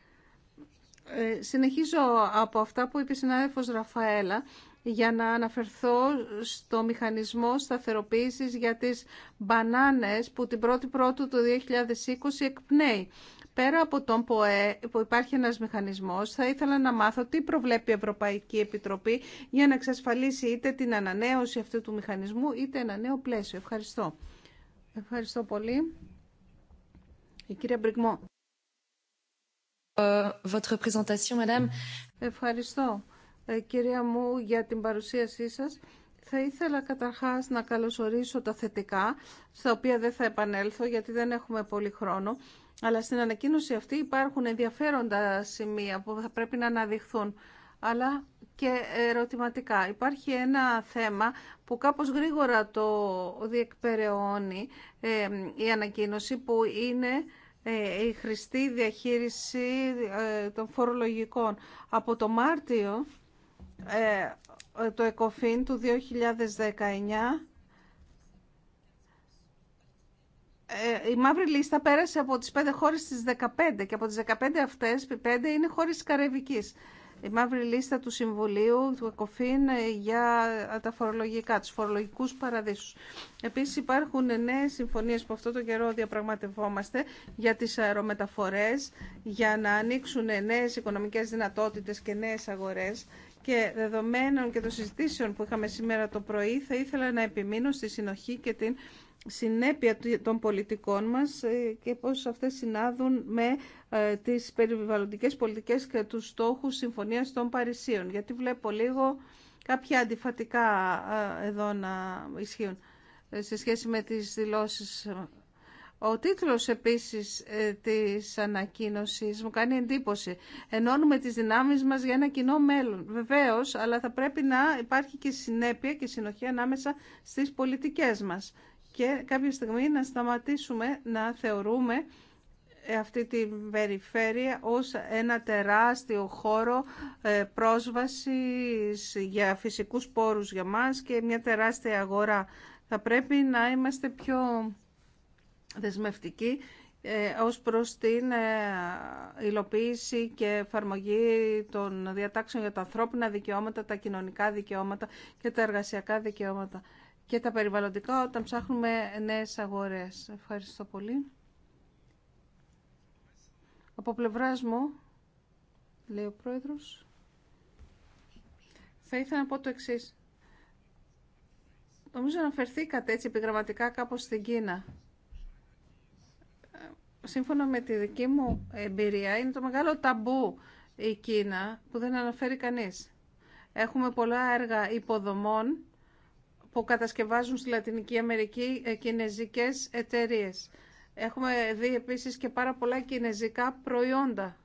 [SPEAKER 1] Ε, συνεχίζω από αυτά που είπε η συνάδελφος Ραφαέλα για να αναφερθώ στο μηχανισμό σταθεροποίησης για τις μπανάνες που την 1η Πρώτου του 2020 εκπνέει. Πέρα από τον ΠΟΕ που υπάρχει ένας μηχανισμός, θα ήθελα να μάθω τι προβλέπει η Ευρωπαϊκή Επιτροπή για να εξασφαλίσει είτε την ανανέωση αυτού του μηχανισμού είτε ένα νέο πλαίσιο. Ευχαριστώ. Ευχαριστώ πολύ. Η κυρία Μπριγμό. Ε, Ευχαριστώ. Ε, κυρία μου, για την παρουσίασή σας. Θα ήθελα καταρχάς να καλωσορίσω τα θετικά, στα οποία δεν θα επανέλθω γιατί δεν έχουμε πολύ χρόνο, αλλά στην ανακοίνωση αυτή υπάρχουν ενδιαφέροντα σημεία που θα πρέπει να αναδειχθούν, αλλά και ερωτηματικά. Υπάρχει ένα θέμα που κάπως γρήγορα το διεκπεραιώνει ε, η ανακοίνωση, που είναι ε, η χρηστή διαχείριση των φορολογικών. Από το Μάρτιο ε, το ΕΚΟΦΗΝ του 2019 ε, η μαύρη λίστα πέρασε από τις 5 χώρες στις 15 και από τις 15 αυτές, 5 είναι χώρες Καραϊβικής. Η μαύρη λίστα του Συμβουλίου, του ΕΚΟΦΗΝ, ε, για τα φορολογικά, τους φορολογικούς παραδείσους. Επίσης υπάρχουν νέες συμφωνίες που αυτό το καιρό διαπραγματευόμαστε για τις αερομεταφορές, για να ανοίξουν νέες οικονομικές δυνατότητες και νέες αγορές και δεδομένων και των συζητήσεων που είχαμε σήμερα το πρωί, θα ήθελα να επιμείνω στη συνοχή και την συνέπεια των πολιτικών μας ε, και πώς αυτές συνάδουν με ε, τις περιβαλλοντικές πολιτικές και τους στόχους Συμφωνίας των Παρισίων. Γιατί βλέπω λίγο κάποια αντιφατικά ε, εδώ να ισχύουν σε σχέση με τις δηλώσεις ο τίτλος επίσης ε, της ανακοίνωσης μου κάνει εντύπωση. Ενώνουμε τις δυνάμεις μας για ένα κοινό μέλλον. Βεβαίως, αλλά θα πρέπει να υπάρχει και συνέπεια και συνοχή ανάμεσα στις πολιτικές μας. Και κάποια στιγμή να σταματήσουμε να θεωρούμε ε, αυτή την περιφέρεια ως ένα τεράστιο χώρο ε, πρόσβασης για φυσικούς πόρους για μας και μια τεράστια αγορά. Θα πρέπει να είμαστε πιο δεσμευτική ε, ως προς την ε, υλοποίηση και εφαρμογή των διατάξεων για τα ανθρώπινα δικαιώματα, τα κοινωνικά δικαιώματα και τα εργασιακά δικαιώματα και τα περιβαλλοντικά όταν ψάχνουμε νέες αγορές. Ευχαριστώ πολύ. Από πλευρά μου, λέει ο Πρόεδρος, θα ήθελα να πω το εξής. Νομίζω αναφερθήκατε έτσι επιγραμματικά κάπως στην Κίνα σύμφωνα με τη δική μου εμπειρία, είναι το μεγάλο ταμπού η Κίνα που δεν αναφέρει κανείς. Έχουμε πολλά έργα υποδομών που κατασκευάζουν στη Λατινική Αμερική ε, κινέζικες εταιρείες. Έχουμε δει επίσης και πάρα πολλά κινέζικα προϊόντα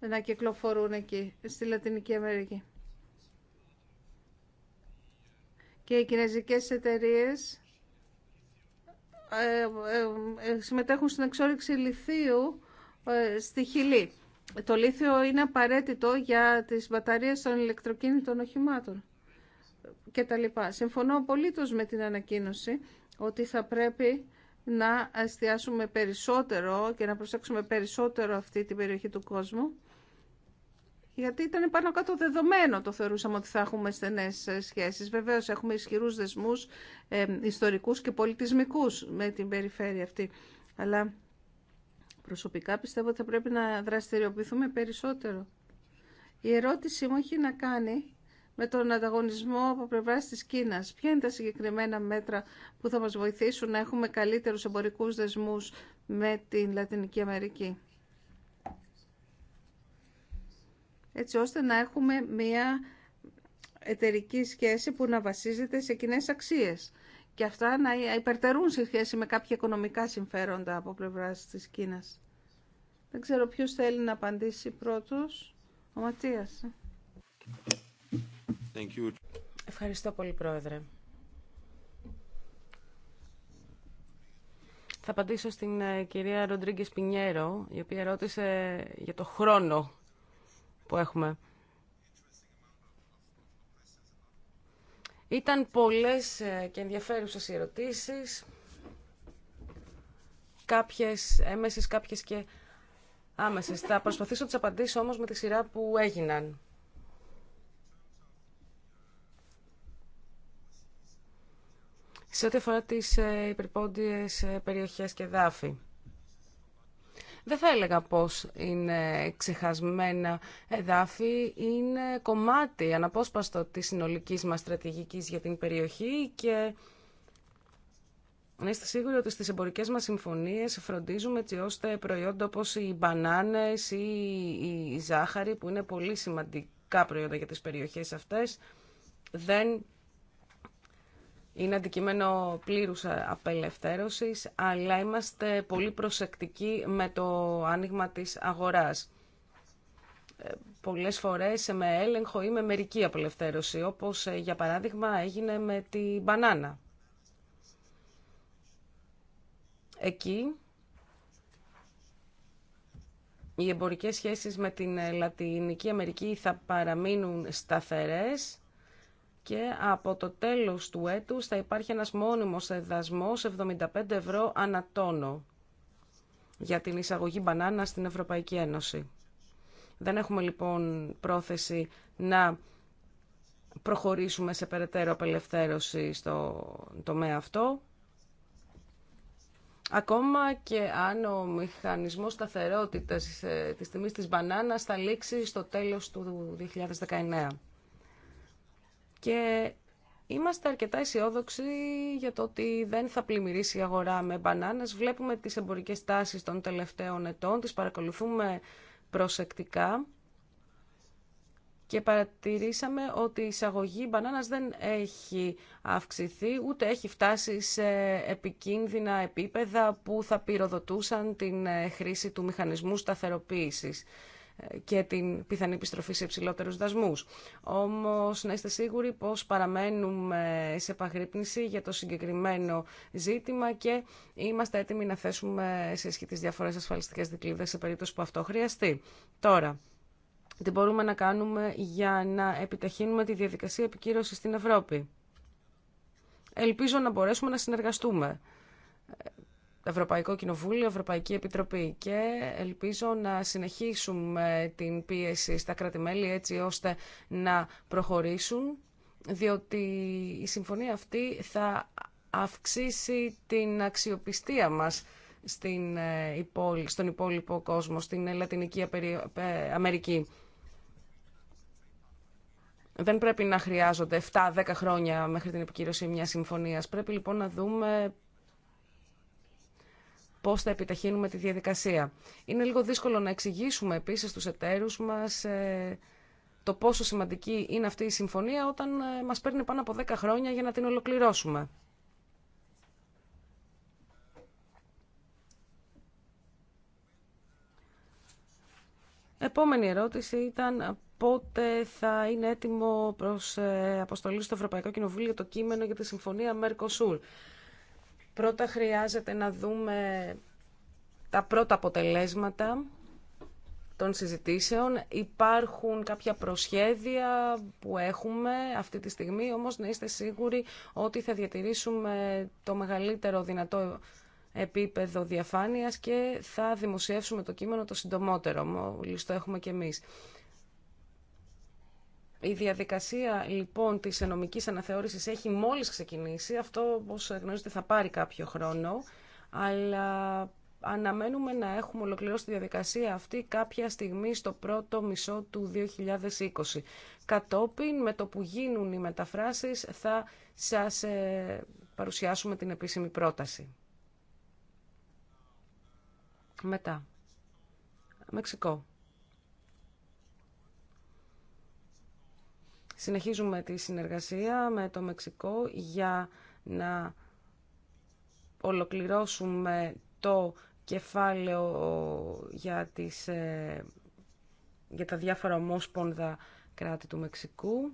[SPEAKER 1] να κυκλοφορούν εκεί, στη Λατινική Αμερική. Και οι κινέζικες εταιρείες ε, ε, ε, συμμετέχουν στην εξόριξη λιθίου στη Χιλή. Το λίθιο είναι απαραίτητο για τις μπαταρίες των ηλεκτροκίνητων οχημάτων και τα λοιπά. Συμφωνώ απολύτως με την ανακοίνωση ότι θα πρέπει να εστιάσουμε περισσότερο και να προσέξουμε περισσότερο αυτή την περιοχή του κόσμου γιατί ήταν πάνω κάτω δεδομένο το θεωρούσαμε ότι θα έχουμε στενέ σχέσει. Βεβαίω έχουμε ισχυρού δεσμού, ε, ιστορικούς και πολιτισμικού με την περιφέρεια αυτή. Αλλά προσωπικά πιστεύω ότι θα πρέπει να δραστηριοποιηθούμε περισσότερο. Η ερώτησή μου έχει να κάνει με τον ανταγωνισμό από πλευρά τη Κίνα. Ποια είναι τα συγκεκριμένα μέτρα που θα μα βοηθήσουν να έχουμε καλύτερου εμπορικού δεσμού με την Λατινική Αμερική. έτσι ώστε να έχουμε μια εταιρική σχέση που να βασίζεται σε κοινέ αξίες και αυτά να υπερτερούν σε σχέση με κάποια οικονομικά συμφέροντα από πλευρά της Κίνας. Δεν ξέρω ποιος θέλει να απαντήσει πρώτος. Ο Ματίας. Ε.
[SPEAKER 2] Ευχαριστώ πολύ, Πρόεδρε. Θα απαντήσω στην ε, κυρία Ροντρίγκη Πινιέρο, η οποία ρώτησε για το χρόνο που έχουμε. Ήταν πολλές ε, και ενδιαφέρουσες ερωτήσεις, κάποιες έμεσες, κάποιες και άμεσες. Θα προσπαθήσω να τις απαντήσω όμως με τη σειρά που έγιναν. Σε ό,τι αφορά τις ε, υπερπόντιες ε, περιοχές και δάφη δεν θα έλεγα πως είναι ξεχασμένα εδάφη, είναι κομμάτι αναπόσπαστο της συνολικής μας στρατηγικής για την περιοχή και να είστε σίγουροι ότι στις εμπορικές μας συμφωνίες φροντίζουμε έτσι ώστε προϊόντα όπως οι μπανάνες ή η ζάχαρη που είναι πολύ σημαντικά προϊόντα για τις περιοχές αυτές δεν είναι αντικείμενο πλήρους απελευθέρωσης, αλλά είμαστε πολύ προσεκτικοί με το άνοιγμα της αγοράς. Ε, πολλές φορές με έλεγχο ή με μερική απελευθέρωση, όπως ε, για παράδειγμα έγινε με τη μπανάνα. Εκεί οι εμπορικές σχέσεις με την ε, Λατινική Αμερική θα παραμείνουν σταθερές και από το τέλος του έτους θα υπάρχει ένας μόνιμος εδασμός 75 ευρώ ανατόνο για την εισαγωγή μπανάνα στην Ευρωπαϊκή Ένωση. Δεν έχουμε λοιπόν πρόθεση να προχωρήσουμε σε περαιτέρω απελευθέρωση στο τομέα αυτό. Ακόμα και αν ο μηχανισμός σταθερότητας ε, της τιμής της μπανάνας θα λήξει στο τέλος του 2019. Και είμαστε αρκετά αισιόδοξοι για το ότι δεν θα πλημμυρίσει η αγορά με μπανάνες. Βλέπουμε τις εμπορικές τάσεις των τελευταίων ετών, τις παρακολουθούμε προσεκτικά και παρατηρήσαμε ότι η εισαγωγή μπανάνας δεν έχει αυξηθεί, ούτε έχει φτάσει σε επικίνδυνα επίπεδα που θα πυροδοτούσαν την ε, χρήση του μηχανισμού σταθεροποίησης και την πιθανή επιστροφή σε υψηλότερους δασμούς. Όμως να είστε σίγουροι πως παραμένουμε σε επαγρύπνηση για το συγκεκριμένο ζήτημα και είμαστε έτοιμοι να θέσουμε σε ισχύ τις διαφορές ασφαλιστικές δικλείδες σε περίπτωση που αυτό χρειαστεί. Τώρα, τι μπορούμε να κάνουμε για να επιταχύνουμε τη διαδικασία επικύρωσης στην Ευρώπη. Ελπίζω να μπορέσουμε να συνεργαστούμε Ευρωπαϊκό Κοινοβούλιο, Ευρωπαϊκή Επιτροπή και ελπίζω να συνεχίσουμε την πίεση στα κρατη έτσι ώστε να προχωρήσουν διότι η συμφωνία αυτή θα αυξήσει την αξιοπιστία μας στην, ε, στον υπόλοιπο κόσμο, στην Λατινική ε, Αμερική. Δεν πρέπει να χρειάζονται 7-10 χρόνια μέχρι την επικύρωση μιας συμφωνίας. Πρέπει λοιπόν να δούμε Πώ θα επιταχύνουμε τη διαδικασία. Είναι λίγο δύσκολο να εξηγήσουμε επίσης τους εταίρους μας ε, το πόσο σημαντική είναι αυτή η συμφωνία όταν ε, μα παίρνει πάνω από 10 χρόνια για να την ολοκληρώσουμε. Επόμενη ερώτηση ήταν πότε θα είναι έτοιμο προς ε, αποστολή στο Ευρωπαϊκό Κοινοβούλιο το κείμενο για τη Συμφωνία Mercosur. Πρώτα χρειάζεται να δούμε τα πρώτα αποτελέσματα των συζητήσεων. Υπάρχουν κάποια προσχέδια που έχουμε αυτή τη στιγμή, όμως να είστε σίγουροι ότι θα διατηρήσουμε το μεγαλύτερο δυνατό επίπεδο διαφάνειας και θα δημοσιεύσουμε το κείμενο το συντομότερο, μόλις το έχουμε και εμείς. Η διαδικασία λοιπόν της ενομικής αναθεώρησης έχει μόλις ξεκινήσει. Αυτό όπως γνωρίζετε θα πάρει κάποιο χρόνο, αλλά αναμένουμε να έχουμε ολοκληρώσει τη διαδικασία αυτή κάποια στιγμή στο πρώτο μισό του 2020. Κατόπιν με το που γίνουν οι μεταφράσεις θα σας ε, παρουσιάσουμε την επίσημη πρόταση. Μετά. Μεξικό. Συνεχίζουμε τη συνεργασία με το Μεξικό για να ολοκληρώσουμε το κεφάλαιο για, τις, ε, για τα διάφορα ομόσπονδα κράτη του Μεξικού.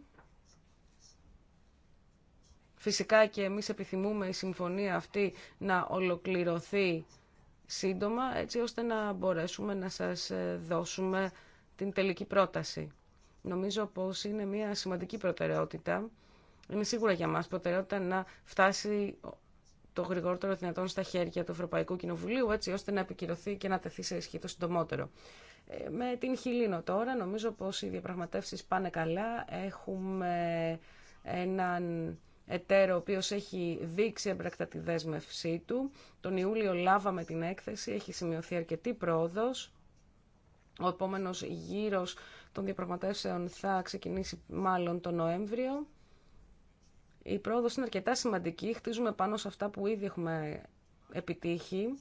[SPEAKER 2] Φυσικά και εμείς επιθυμούμε η συμφωνία αυτή να ολοκληρωθεί σύντομα, έτσι ώστε να μπορέσουμε να σας ε, δώσουμε την τελική πρόταση νομίζω πως είναι μια σημαντική προτεραιότητα. Είναι σίγουρα για μας προτεραιότητα να φτάσει το γρηγορότερο δυνατόν στα χέρια του Ευρωπαϊκού Κοινοβουλίου, έτσι ώστε να επικυρωθεί και να τεθεί σε ισχύ το συντομότερο. Ε, με την Χιλίνο τώρα, νομίζω πως οι διαπραγματεύσεις πάνε καλά. Έχουμε έναν εταίρο ο οποίος έχει δείξει έμπρακτα τη δέσμευσή του. Τον Ιούλιο λάβαμε την έκθεση, έχει σημειωθεί αρκετή πρόοδος. Ο των διαπραγματεύσεων θα ξεκινήσει μάλλον τον Νοέμβριο. Η πρόοδος είναι αρκετά σημαντική. Χτίζουμε πάνω σε αυτά που ήδη έχουμε επιτύχει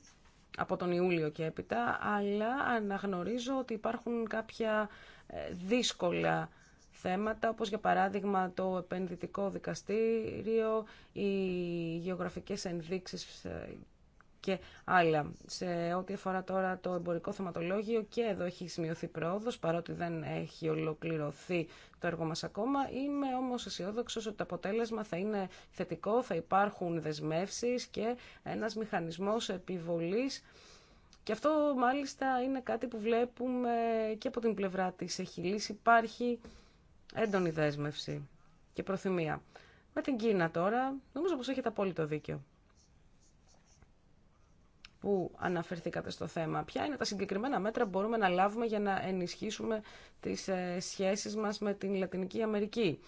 [SPEAKER 2] από τον Ιούλιο και έπειτα, αλλά αναγνωρίζω ότι υπάρχουν κάποια ε, δύσκολα θέματα, όπως για παράδειγμα το επενδυτικό δικαστήριο, οι γεωγραφικές ενδείξεις ε, και άλλα. Σε ό,τι αφορά τώρα το εμπορικό θεματολόγιο και εδώ έχει σημειωθεί πρόοδος παρότι δεν έχει ολοκληρωθεί το έργο μας ακόμα. Είμαι όμως αισιόδοξο ότι το αποτέλεσμα θα είναι θετικό, θα υπάρχουν δεσμεύσεις και ένας μηχανισμός επιβολής και αυτό μάλιστα είναι κάτι που βλέπουμε και από την πλευρά της Εχιλής υπάρχει έντονη δέσμευση και προθυμία. Με την Κίνα τώρα νομίζω πως έχετε απόλυτο δίκιο που αναφερθήκατε στο θέμα. Ποια είναι τα συγκεκριμένα μέτρα που μπορούμε να λάβουμε για να ενισχύσουμε τις ε, σχέσεις μας με την Λατινική Αμερική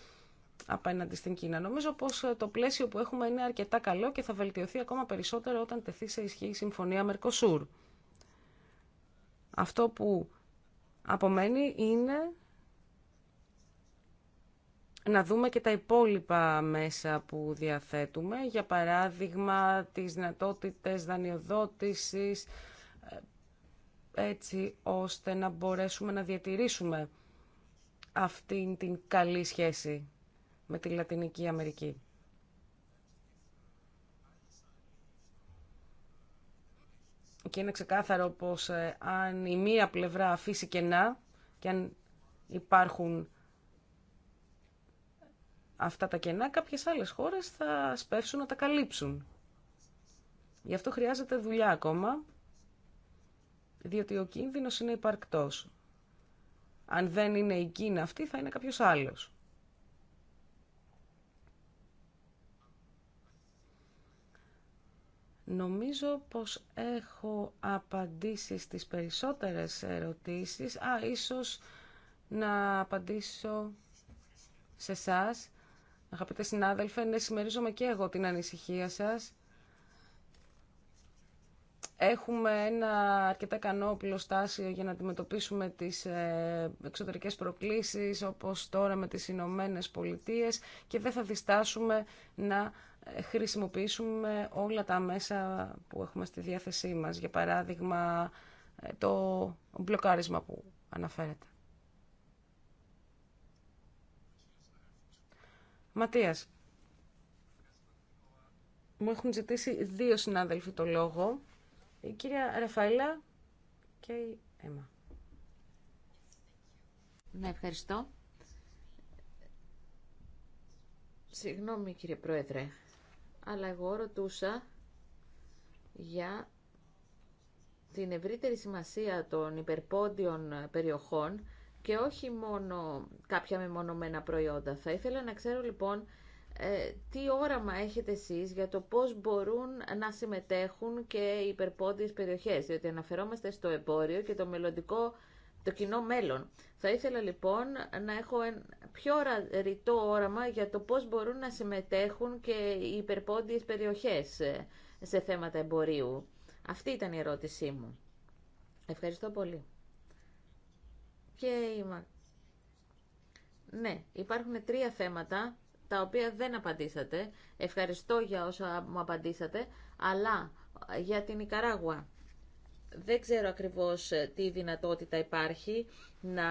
[SPEAKER 2] απέναντι στην Κίνα. Νομίζω πως ε, το πλαίσιο που έχουμε είναι αρκετά καλό και θα βελτιωθεί ακόμα περισσότερο όταν τεθεί σε ισχύ η Συμφωνία Μερκοσούρ. Αυτό που απομένει είναι να δούμε και τα υπόλοιπα μέσα που διαθέτουμε, για παράδειγμα τις δυνατότητε δανειοδότησης, ε, έτσι ώστε να μπορέσουμε να διατηρήσουμε αυτήν την καλή σχέση με τη Λατινική Αμερική. Και είναι ξεκάθαρο πως ε, αν η μία πλευρά αφήσει κενά και αν υπάρχουν αυτά τα κενά κάποιες άλλες χώρες θα σπεύσουν να τα καλύψουν. Γι' αυτό χρειάζεται δουλειά ακόμα, διότι ο κίνδυνος είναι υπαρκτός. Αν δεν είναι η Κίνα αυτή, θα είναι κάποιος άλλος. Νομίζω πως έχω απαντήσει στις περισσότερες ερωτήσεις. Α, ίσως να απαντήσω σε σας Αγαπητέ συνάδελφε, ναι, συμμερίζομαι και εγώ την ανησυχία σας. Έχουμε ένα αρκετά κανό πλωστάσιο για να αντιμετωπίσουμε τις ε, εξωτερικές προκλήσεις, όπως τώρα με τις Ηνωμένε Πολιτείε και δεν θα διστάσουμε να ε, χρησιμοποιήσουμε όλα τα μέσα που έχουμε στη διάθεσή μας. Για παράδειγμα, ε, το μπλοκάρισμα που αναφέρεται. Ματίας, μου έχουν ζητήσει δύο συνάδελφοι το λόγο. Η κυρία Ραφαήλα
[SPEAKER 3] και η Έμα. Ναι, ευχαριστώ. Συγγνώμη κύριε Πρόεδρε, αλλά εγώ ρωτούσα για την ευρύτερη σημασία των υπερπόντιων περιοχών και όχι μόνο κάποια μεμονωμένα προϊόντα. Θα ήθελα να ξέρω λοιπόν ε, τι όραμα έχετε εσείς για το πώς μπορούν να συμμετέχουν και οι υπερπόντιες περιοχές, διότι αναφερόμαστε στο εμπόριο και το μελλοντικό, το κοινό μέλλον. Θα ήθελα λοιπόν να έχω ένα πιο ρητό όραμα για το πώς μπορούν να συμμετέχουν και οι υπερπόντιες περιοχές ε, σε θέματα εμπορίου. Αυτή ήταν η ερώτησή μου. Ευχαριστώ πολύ. Ναι, υπάρχουν τρία θέματα τα οποία δεν απαντήσατε. Ευχαριστώ για όσα μου απαντήσατε, αλλά ε, για την Ικαράγουα. Δεν ξέρω ακριβώς ε, τι δυνατότητα υπάρχει να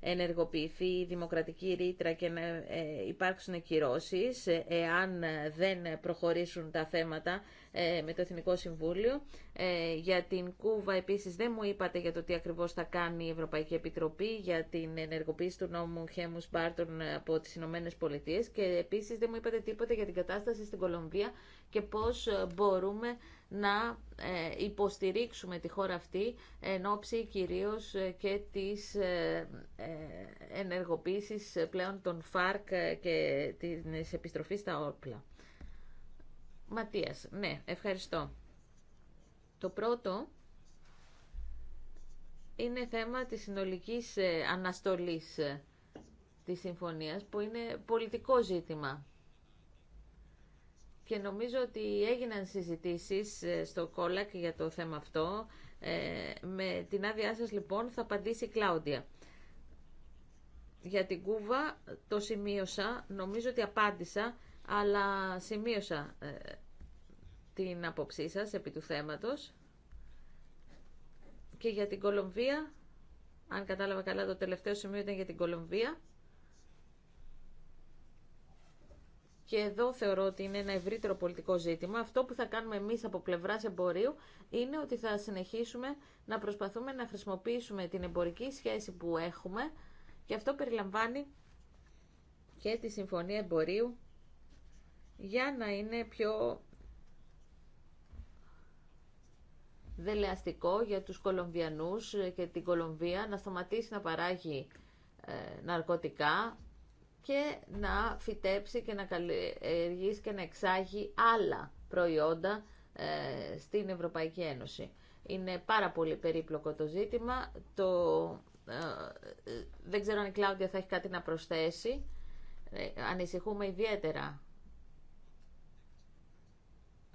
[SPEAKER 3] ενεργοποιηθεί η δημοκρατική ρήτρα και να ε, υπάρξουν κυρώσεις εάν δεν προχωρήσουν τα θέματα ε, με το Εθνικό Συμβούλιο. Ε, για την Κούβα επίσης δεν μου είπατε για το τι ακριβώς θα κάνει η Ευρωπαϊκή Επιτροπή για την ενεργοποίηση του νόμου Χέμου Μπάρτον από τις Ηνωμένε Πολιτείε και επίσης δεν μου είπατε τίποτα για την κατάσταση στην Κολομβία και πώς μπορούμε να ε, υποστηρίξουμε τη χώρα αυτή εν ώψη κυρίως και της ενεργοποίησης πλέον των ΦΑΡΚ και της επιστροφής στα όπλα. Ματίας, ναι, ευχαριστώ. Το πρώτο είναι θέμα της συνολικής ε, αναστολής ε, της συμφωνίας που είναι πολιτικό ζήτημα. Και νομίζω ότι έγιναν συζητήσεις ε, στο κόλακ για το θέμα αυτό. Με την άδειά σας λοιπόν θα απαντήσει η Για την Κούβα το σημείωσα, νομίζω ότι απάντησα, αλλά σημείωσα την άποψή σας επί του θέματος. Και για την Κολομβία, αν κατάλαβα καλά το τελευταίο σημείο ήταν για την Κολομβία. Και εδώ θεωρώ ότι είναι ένα ευρύτερο πολιτικό ζήτημα. Αυτό που θα κάνουμε εμείς από πλευράς εμπορίου είναι ότι θα συνεχίσουμε να προσπαθούμε να χρησιμοποιήσουμε την εμπορική σχέση που έχουμε και αυτό περιλαμβάνει και τη Συμφωνία Εμπορίου για να είναι πιο δελεαστικό για τους Κολομβιανούς και την Κολομβία να σταματήσει να παράγει ε, ναρκωτικά και να φυτέψει και να καλλιεργήσει και να εξάγει άλλα προϊόντα ε, στην Ευρωπαϊκή Ένωση. Είναι πάρα πολύ περίπλοκο το ζήτημα. Το, ε, δεν ξέρω αν η Κλάουντια θα έχει κάτι να προσθέσει. Ανησυχούμε ιδιαίτερα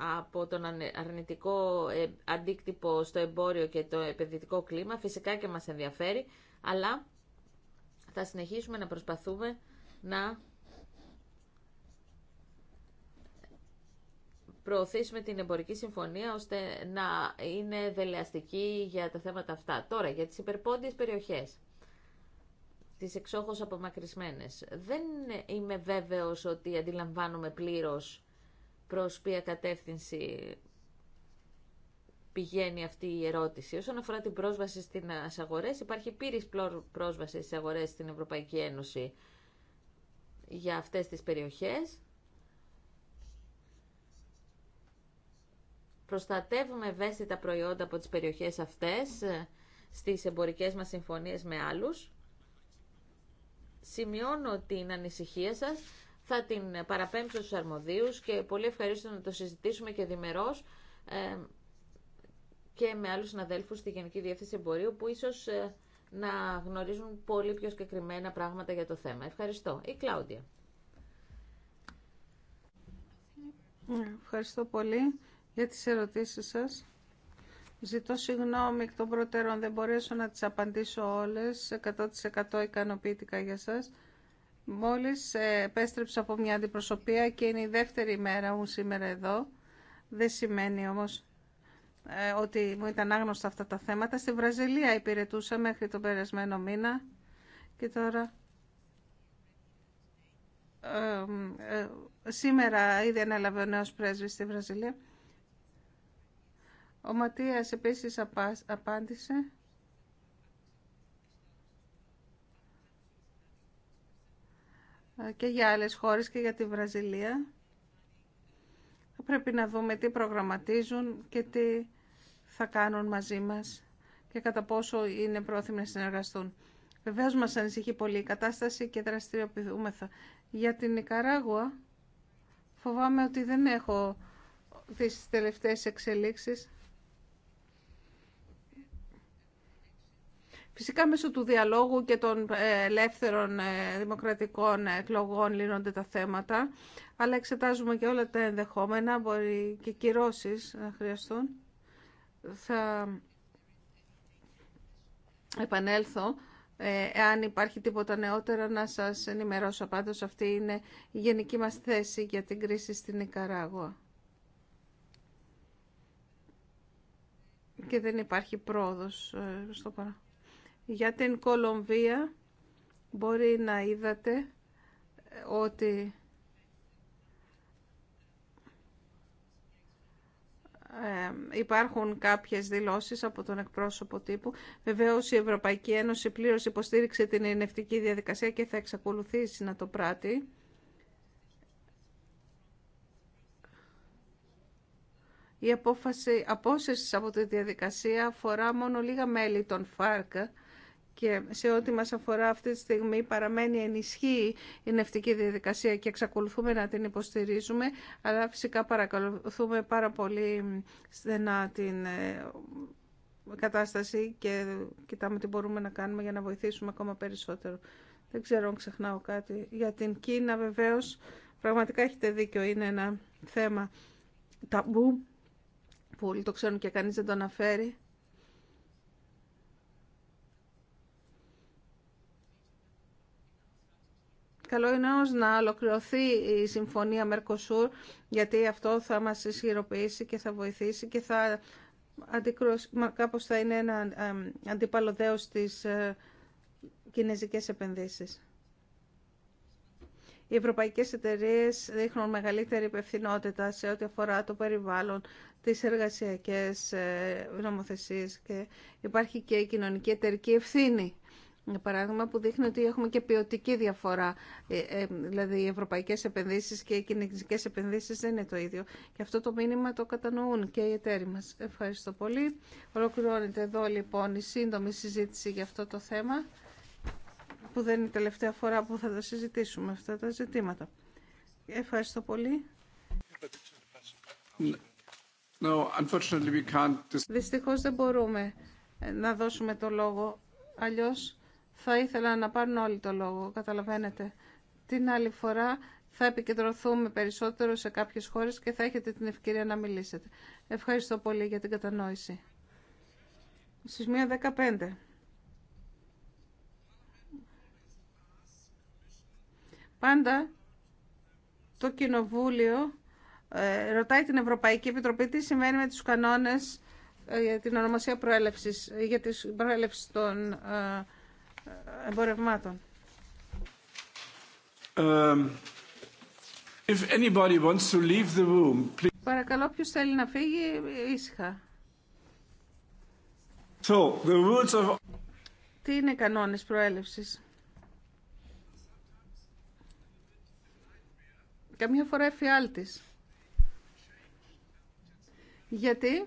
[SPEAKER 3] από τον αρνητικό ε, αντίκτυπο στο εμπόριο και το επενδυτικό κλίμα. Φυσικά και μας ενδιαφέρει, αλλά θα συνεχίσουμε να προσπαθούμε να προωθήσουμε την εμπορική συμφωνία ώστε να είναι δελεαστική για τα θέματα αυτά. Τώρα, για τις υπερπόντιες περιοχές, τις εξόχως απομακρυσμένες. Δεν είμαι βέβαιος ότι αντιλαμβάνομαι πλήρως προς ποια κατεύθυνση πηγαίνει αυτή η ερώτηση. Όσον αφορά την πρόσβαση στις αγορές, υπάρχει πύρης πρόσβαση στις αγορές στην Ευρωπαϊκή Ένωση για αυτές τις περιοχές. Προστατεύουμε ευαίσθητα προϊόντα από τις περιοχές αυτές ε, στις εμπορικές μας συμφωνίες με άλλους. Σημειώνω την ανησυχία σας, θα την παραπέμψω στους αρμοδίους και πολύ ευχαρίστω να το συζητήσουμε και διμερώς ε, και με άλλους συναδέλφους στη Γενική Διεύθυνση Εμπορίου που ίσως ε, να γνωρίζουν πολύ πιο συγκεκριμένα πράγματα για το θέμα. Ευχαριστώ. Η Κλάουδια.
[SPEAKER 1] Ευχαριστώ πολύ για τις ερωτήσεις σας. Ζητώ συγγνώμη εκ των προτέρων, δεν μπορέσω να τις απαντήσω όλες, 100% ικανοποιητικά για σας. Μόλις ε, επέστρεψα από μια αντιπροσωπεία και είναι η δεύτερη μέρα μου σήμερα εδώ. Δεν σημαίνει όμως ε, ότι μου ήταν άγνωστα αυτά τα θέματα. Στη Βραζιλία υπηρετούσα μέχρι τον περασμένο μήνα και τώρα ε, σήμερα ήδη ανέλαβε ο νέος πρέσβης στη Βραζιλία. Ο Ματίας επίσης απάντησε και για άλλες χώρες και για τη Βραζιλία. πρέπει να δούμε τι προγραμματίζουν και τι θα κάνουν μαζί μας και κατά πόσο είναι πρόθυμοι να συνεργαστούν. Βεβαίως μας ανησυχεί πολύ η κατάσταση και δραστηριοποιούμεθα. Για την Νικαράγουα φοβάμαι ότι δεν έχω τις τελευταίες εξελίξεις. Φυσικά μέσω του διαλόγου και των ε, ελεύθερων ε, δημοκρατικών εκλογών λύνονται τα θέματα, αλλά εξετάζουμε και όλα τα ενδεχόμενα, μπορεί και κυρώσεις να χρειαστούν. Θα επανέλθω. Ε, εάν υπάρχει τίποτα νεότερα να σας ενημερώσω. Πάντως αυτή είναι η γενική μας θέση για την κρίση στην Ικαράγουα Και δεν υπάρχει πρόοδος στο παρά. Για την Κολομβία μπορεί να είδατε ε, ότι υπάρχουν κάποιες δηλώσεις από τον εκπρόσωπο τύπου. Βεβαίως η Ευρωπαϊκή Ένωση πλήρως υποστήριξε την ειρηνευτική διαδικασία και θα εξακολουθήσει να το πράττει. Η απόφαση απόσυρσης από τη διαδικασία αφορά μόνο λίγα μέλη των ΦΑΡΚΑ, και σε ό,τι μας αφορά αυτή τη στιγμή παραμένει ενισχύει η νευτική διαδικασία και εξακολουθούμε να την υποστηρίζουμε, αλλά φυσικά παρακολουθούμε πάρα πολύ στενά την ε, κατάσταση και κοιτάμε τι μπορούμε να κάνουμε για να βοηθήσουμε ακόμα περισσότερο. Δεν ξέρω αν ξεχνάω κάτι. Για την Κίνα βεβαίως πραγματικά έχετε δίκιο, είναι ένα θέμα ταμπού που όλοι το ξέρουν και κανείς δεν το αναφέρει. Καλό είναι όμως να ολοκληρωθεί η συμφωνία Μερκοσούρ, γιατί αυτό θα μας ισχυροποιήσει και θα βοηθήσει και θα κάπως θα είναι ένα ε, αντιπαλωδέος στις ε, κινέζικες επενδύσεις. Οι ευρωπαϊκές εταιρείες δείχνουν μεγαλύτερη υπευθυνότητα σε ό,τι αφορά το περιβάλλον, τις εργασιακές ε, νομοθεσίες και υπάρχει και η κοινωνική εταιρική ευθύνη παράδειγμα που δείχνει ότι έχουμε και ποιοτική διαφορά. Ε, ε, δηλαδή οι ευρωπαϊκές επενδύσεις και οι κινητικές επενδύσεις δεν είναι το ίδιο. Και αυτό το μήνυμα το κατανοούν και οι εταίροι μας. Ευχαριστώ πολύ. Ολοκληρώνεται εδώ λοιπόν η σύντομη συζήτηση για αυτό το θέμα που δεν είναι η τελευταία φορά που θα τα συζητήσουμε αυτά τα ζητήματα. Ευχαριστώ πολύ. No, unfortunately we can't... Δυστυχώς δεν μπορούμε να δώσουμε το λόγο. Αλλιώς θα ήθελα να πάρουν όλοι το λόγο, καταλαβαίνετε. Την άλλη φορά θα επικεντρωθούμε περισσότερο σε κάποιες χώρες και θα έχετε την ευκαιρία να μιλήσετε. Ευχαριστώ πολύ για την κατανόηση. Στις 15. Πάντα το Κοινοβούλιο ε, ρωτάει την Ευρωπαϊκή Επιτροπή τι σημαίνει με τους κανόνες ε, για την ονομασία προέλευσης, ε, για τις προέλευση των εμπορευμάτων.
[SPEAKER 2] Um, if anybody wants to leave the room, please.
[SPEAKER 1] Παρακαλώ ποιος θέλει να φύγει ήσυχα.
[SPEAKER 3] So, the rules of...
[SPEAKER 1] Τι είναι κανόνες προέλευσης. Καμιά φορά εφιάλτης. Γιατί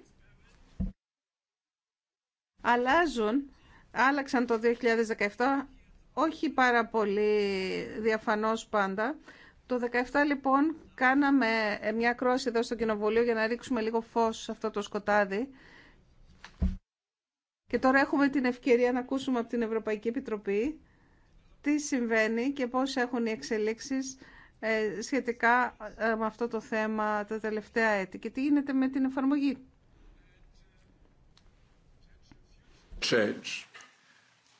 [SPEAKER 1] αλλάζουν άλλαξαν το 2017, όχι πάρα πολύ διαφανώς πάντα. Το 2017 λοιπόν κάναμε μια κρόση εδώ στο Κοινοβουλίο για να ρίξουμε λίγο φως σε αυτό το σκοτάδι. Και τώρα έχουμε την ευκαιρία να ακούσουμε από την Ευρωπαϊκή Επιτροπή τι συμβαίνει και πώς έχουν οι εξελίξεις ε, σχετικά ε, με αυτό το θέμα τα τελευταία έτη και τι γίνεται με την εφαρμογή.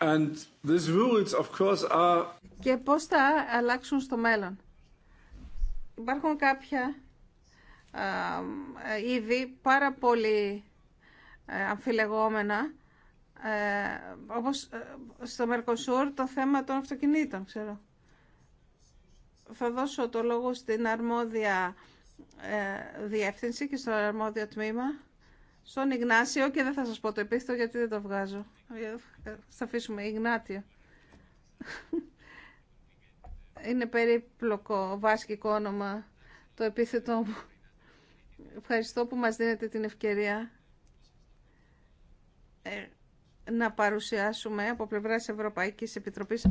[SPEAKER 3] And of course,
[SPEAKER 1] Και πώς θα αλλάξουν στο μέλλον. Υπάρχουν κάποια α, είδη πάρα πολύ ε, αμφιλεγόμενα, ε, όπως ε, στο Μερκοσούρ το θέμα των αυτοκινήτων, ξέρω. Θα δώσω το λόγο στην αρμόδια ε, διεύθυνση και στο αρμόδιο τμήμα στον Ιγνάσιο και δεν θα σας πω το επίθετο γιατί δεν το βγάζω. Ε, θα αφήσουμε Ιγνάτιο. Είναι περίπλοκο βάσκικο όνομα το επίθετό μου. Ευχαριστώ που μας δίνετε την ευκαιρία ε, να παρουσιάσουμε από πλευράς Ευρωπαϊκής Επιτροπής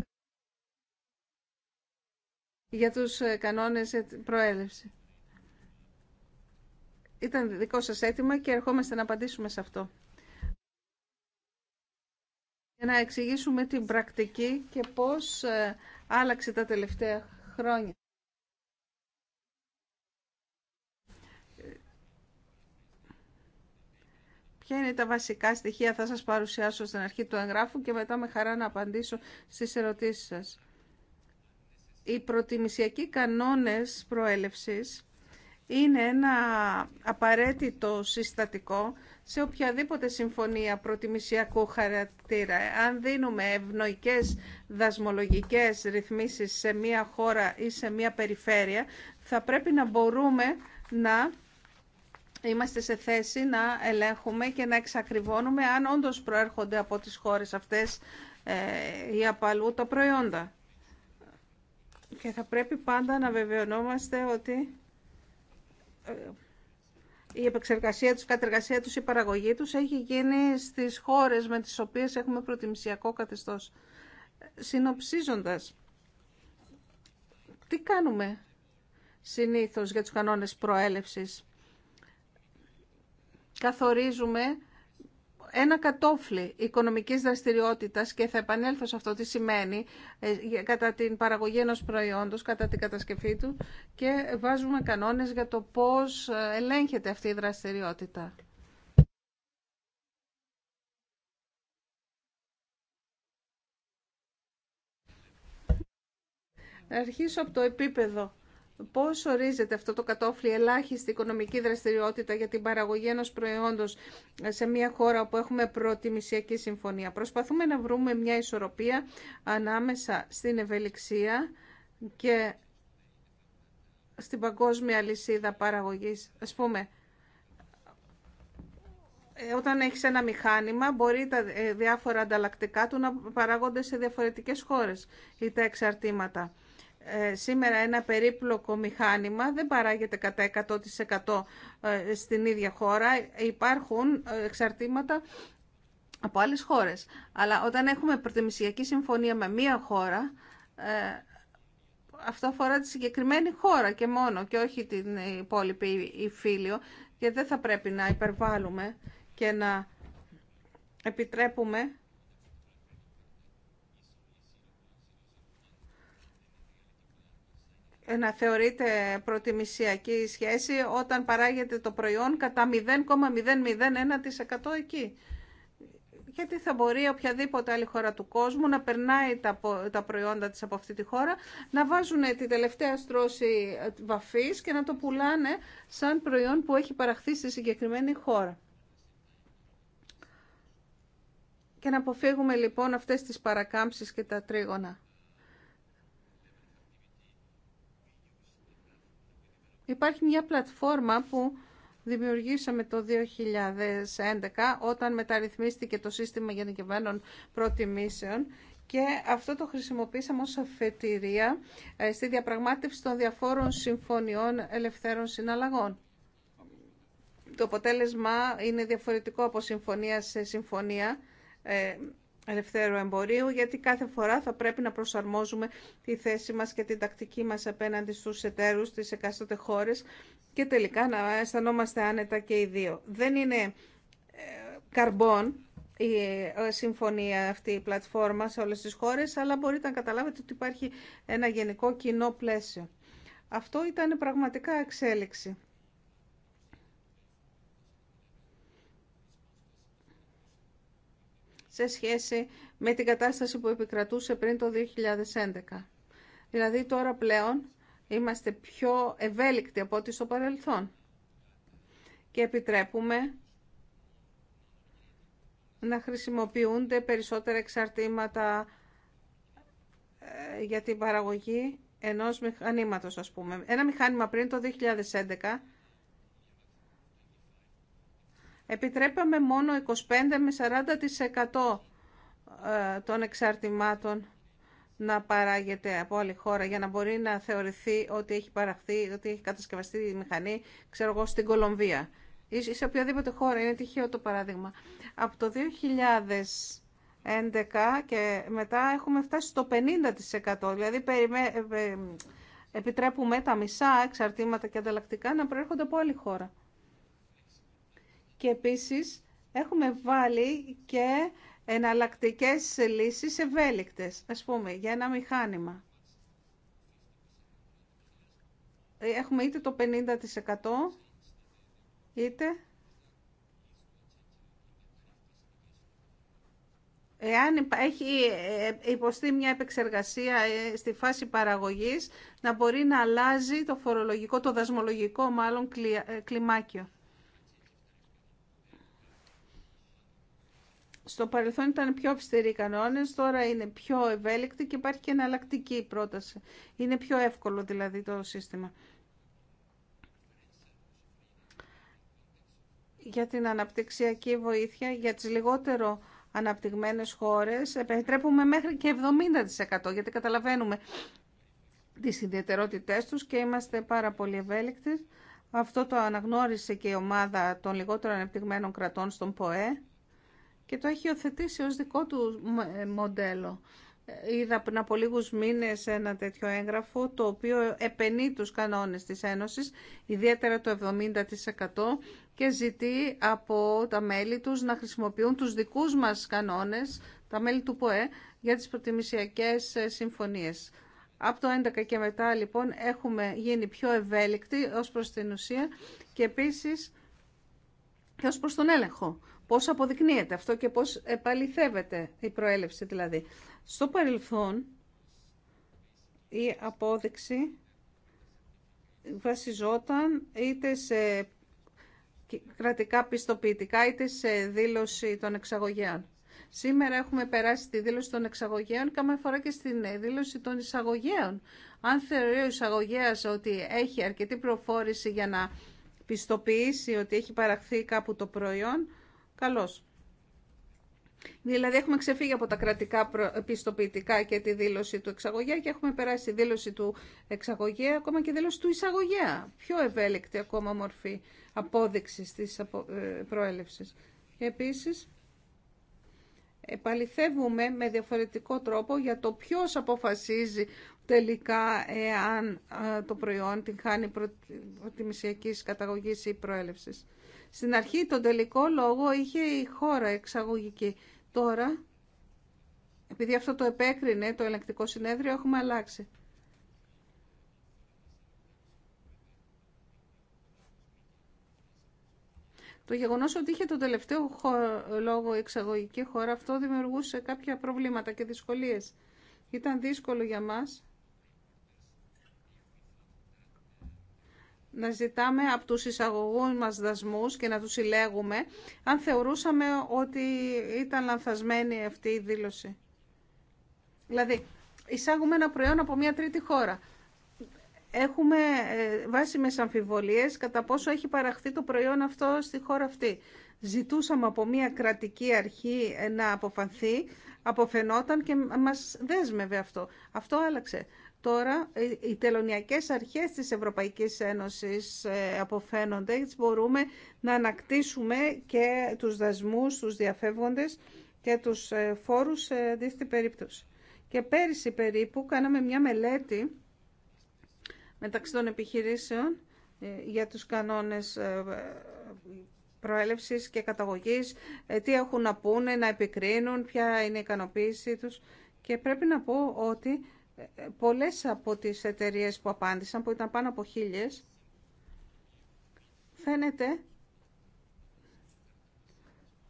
[SPEAKER 1] για τους ε, κανόνες προέλευση ήταν δικό σας αίτημα και ερχόμαστε να απαντήσουμε σε αυτό. Για να εξηγήσουμε την πρακτική και πώς ε, άλλαξε τα τελευταία χρόνια. Ποια είναι τα βασικά στοιχεία θα σας παρουσιάσω στην αρχή του εγγράφου και μετά με χαρά να απαντήσω στις ερωτήσεις σας. Οι προτιμησιακοί κανόνες προέλευσης είναι ένα απαραίτητο συστατικό σε οποιαδήποτε συμφωνία προτιμησιακού χαρακτήρα. Αν δίνουμε ευνοϊκές δασμολογικές ρυθμίσεις σε μία χώρα ή σε μία περιφέρεια, θα πρέπει να μπορούμε να είμαστε σε θέση να ελέγχουμε και να εξακριβώνουμε αν όντως προέρχονται από τις χώρες αυτές ε, ή από αλλού τα προϊόντα. Και θα πρέπει πάντα να βεβαιωνόμαστε ότι η επεξεργασία τους, η κατεργασία τους, η παραγωγή τους έχει γίνει στις χώρες με τις οποίες έχουμε προτιμησιακό καθεστώς. Συνοψίζοντας, τι κάνουμε συνήθως για τους κανόνες προέλευσης. Καθορίζουμε ένα κατόφλι οικονομικής δραστηριότητας και θα επανέλθω σε αυτό τι σημαίνει ε, κατά την παραγωγή ενός προϊόντος, κατά την κατασκευή του και βάζουμε κανόνες για το πώς ε, ελέγχεται αυτή η δραστηριότητα. Να αρχίσω από το επίπεδο Πώς ορίζεται αυτό το κατόφλι ελάχιστη οικονομική δραστηριότητα για την παραγωγή ενός προϊόντος σε μια χώρα όπου έχουμε προτιμησιακή συμφωνία. Προσπαθούμε να βρούμε μια ισορροπία ανάμεσα στην ευελιξία και στην παγκόσμια λυσίδα παραγωγής. Ας πούμε, ε, όταν έχεις ένα μηχάνημα μπορεί τα ε, διάφορα ανταλλακτικά του να παράγονται σε διαφορετικές χώρες ή τα εξαρτήματα. Ε, σήμερα ένα περίπλοκο μηχάνημα δεν παράγεται κατά 100% ε, στην ίδια χώρα. Υπάρχουν ε, εξαρτήματα από άλλες χώρες. Αλλά όταν έχουμε προτιμησιακή συμφωνία με μία χώρα, αυτό αφορά τη συγκεκριμένη χώρα και μόνο και όχι την υπόλοιπη φίλιο και δεν θα πρέπει να υπερβάλλουμε και να επιτρέπουμε να θεωρείται προτιμησιακή σχέση όταν παράγεται το προϊόν κατά 0,001% εκεί. Γιατί θα μπορεί οποιαδήποτε άλλη χώρα του κόσμου να περνάει τα προϊόντα της από αυτή τη χώρα, να βάζουν τη τελευταία στρώση ε, βαφής και να το πουλάνε σαν προϊόν που έχει παραχθεί στη συγκεκριμένη χώρα. Και να αποφύγουμε λοιπόν αυτές τις παρακάμψεις και τα τρίγωνα. Υπάρχει μια πλατφόρμα που δημιουργήσαμε το 2011 όταν μεταρρυθμίστηκε το σύστημα γενικευμένων προτιμήσεων και αυτό το χρησιμοποίησαμε ως αφετηρία ε, στη διαπραγμάτευση των διαφόρων συμφωνιών ελευθέρων συναλλαγών. Το αποτέλεσμα είναι διαφορετικό από συμφωνία σε συμφωνία ε, ελευθέρου εμπορίου, γιατί κάθε φορά θα πρέπει να προσαρμόζουμε τη θέση μας και την τακτική μας απέναντι στους εταίρους της εκάστοτε χώρες και τελικά να αισθανόμαστε άνετα και οι δύο. Δεν είναι ε, καρμπών η ε, συμφωνία αυτή, η πλατφόρμα σε όλες τις χώρες, αλλά μπορείτε να καταλάβετε ότι υπάρχει ένα γενικό κοινό πλαίσιο. Αυτό ήταν πραγματικά εξέλιξη. σε σχέση με την κατάσταση που επικρατούσε πριν το 2011. Δηλαδή τώρα πλέον είμαστε πιο ευέλικτοι από ό,τι στο παρελθόν και επιτρέπουμε να χρησιμοποιούνται περισσότερα εξαρτήματα ε, για την παραγωγή ενός μηχανήματος, ας πούμε. Ένα μηχάνημα πριν το 2011 επιτρέπαμε μόνο 25 με 40% ε, των εξαρτημάτων να παράγεται από άλλη χώρα για να μπορεί να θεωρηθεί ότι έχει παραχθεί, ότι έχει κατασκευαστεί η μηχανή, ξέρω εγώ, στην Κολομβία ή σε οποιαδήποτε χώρα. Είναι τυχαίο το παράδειγμα. Από το 2011 και μετά έχουμε φτάσει στο 50%. Δηλαδή ε, ε, επιτρέπουμε τα μισά εξαρτήματα και ανταλλακτικά να προέρχονται από άλλη χώρα και επίσης έχουμε βάλει και εναλλακτικές λύσεις ευέλικτες, ας πούμε, για ένα μηχάνημα. Έχουμε είτε το 50% είτε εάν έχει ε, υποστεί μια επεξεργασία ε, στη φάση παραγωγής, να μπορεί να αλλάζει το φορολογικό, το δασμολογικό μάλλον ε, κλιμάκιο. Στο παρελθόν ήταν πιο αυστηροί οι κανόνε, τώρα είναι πιο ευέλικτοι και υπάρχει και εναλλακτική πρόταση. Είναι πιο εύκολο δηλαδή το σύστημα. Για την αναπτυξιακή βοήθεια, για τις λιγότερο αναπτυγμένες χώρες, επιτρέπουμε μέχρι και 70% γιατί καταλαβαίνουμε τις ιδιαιτερότητές τους και είμαστε πάρα πολύ ευέλικτοι. Αυτό το αναγνώρισε και η ομάδα των λιγότερο αναπτυγμένων κρατών στον ΠΟΕ και το έχει υιοθετήσει ως δικό του ε, μοντέλο. Ε, είδα πριν από λίγους μήνες ένα τέτοιο έγγραφο το οποίο επενεί τους κανόνες της Ένωσης, ιδιαίτερα το 70% και ζητεί από τα μέλη τους να χρησιμοποιούν τους δικούς μας κανόνες, τα μέλη του ΠΟΕ, για τις προτιμησιακές ε, συμφωνίες. Από το 11 και μετά λοιπόν έχουμε γίνει πιο ευέλικτοι ως προς την ουσία και επίσης και ως προς τον έλεγχο πώς αποδεικνύεται αυτό και πώς επαληθεύεται η προέλευση δηλαδή. Στο παρελθόν η απόδειξη βασιζόταν είτε σε κρατικά πιστοποιητικά είτε σε δήλωση των εξαγωγέων. Σήμερα έχουμε περάσει τη δήλωση των εξαγωγέων, με φορά και στην δήλωση των εισαγωγέων. Αν θεωρεί ο εισαγωγέας ότι έχει αρκετή προφόρηση για να πιστοποιήσει ότι έχει παραχθεί κάπου το προϊόν, ταλώς. Δηλαδή έχουμε ξεφύγει από τα κρατικά πιστοποιητικά και τη δήλωση του εξαγωγέα και έχουμε περάσει τη δήλωση του εξαγωγέα, ακόμα και δήλωση του εισαγωγέα. Πιο ευέλικτη ακόμα μορφή απόδειξης της ε, προέλευσης. Επίσης, επαληθεύουμε με διαφορετικό τρόπο για το ποιος αποφασίζει τελικά εάν το προϊόν την χάνει προτιμησιακής καταγωγής ή προέλευσης. Στην αρχή τον τελικό λόγο είχε η χώρα εξαγωγική. Τώρα, επειδή αυτό το επέκρινε το ελεγκτικό συνέδριο, έχουμε αλλάξει. Το γεγονό ότι είχε τον τελευταίο λόγο εξαγωγική χώρα, αυτό δημιουργούσε κάποια προβλήματα και δυσκολίε. Ήταν δύσκολο για μας να ζητάμε από τους εισαγωγούς μας δασμούς και να τους συλλέγουμε αν θεωρούσαμε ότι ήταν λανθασμένη αυτή η δήλωση. Δηλαδή, εισάγουμε ένα προϊόν από μια τρίτη χώρα. Έχουμε ε, βάσιμες αμφιβολίες κατά πόσο έχει παραχθεί το προϊόν αυτό στη χώρα αυτή. Ζητούσαμε από μια κρατική αρχή ε, να αποφανθεί, αποφαινόταν και μας δέσμευε αυτό. Αυτό άλλαξε. Τώρα ε, οι τελωνιακές αρχές της Ευρωπαϊκής Ένωσης ε, αποφαίνονται, έτσι μπορούμε να ανακτήσουμε και τους δασμούς, τους διαφεύγοντες και τους ε, φόρους σε αντίθετη περίπτωση. Και πέρυσι περίπου κάναμε μια μελέτη μεταξύ των επιχειρήσεων για τους κανόνες προέλευσης και καταγωγής, τι έχουν να πούνε, να επικρίνουν, ποια είναι η ικανοποίησή τους. Και πρέπει να πω ότι ε, πολλές από τις εταιρείες που απάντησαν, που ήταν πάνω από χίλιες, φαίνεται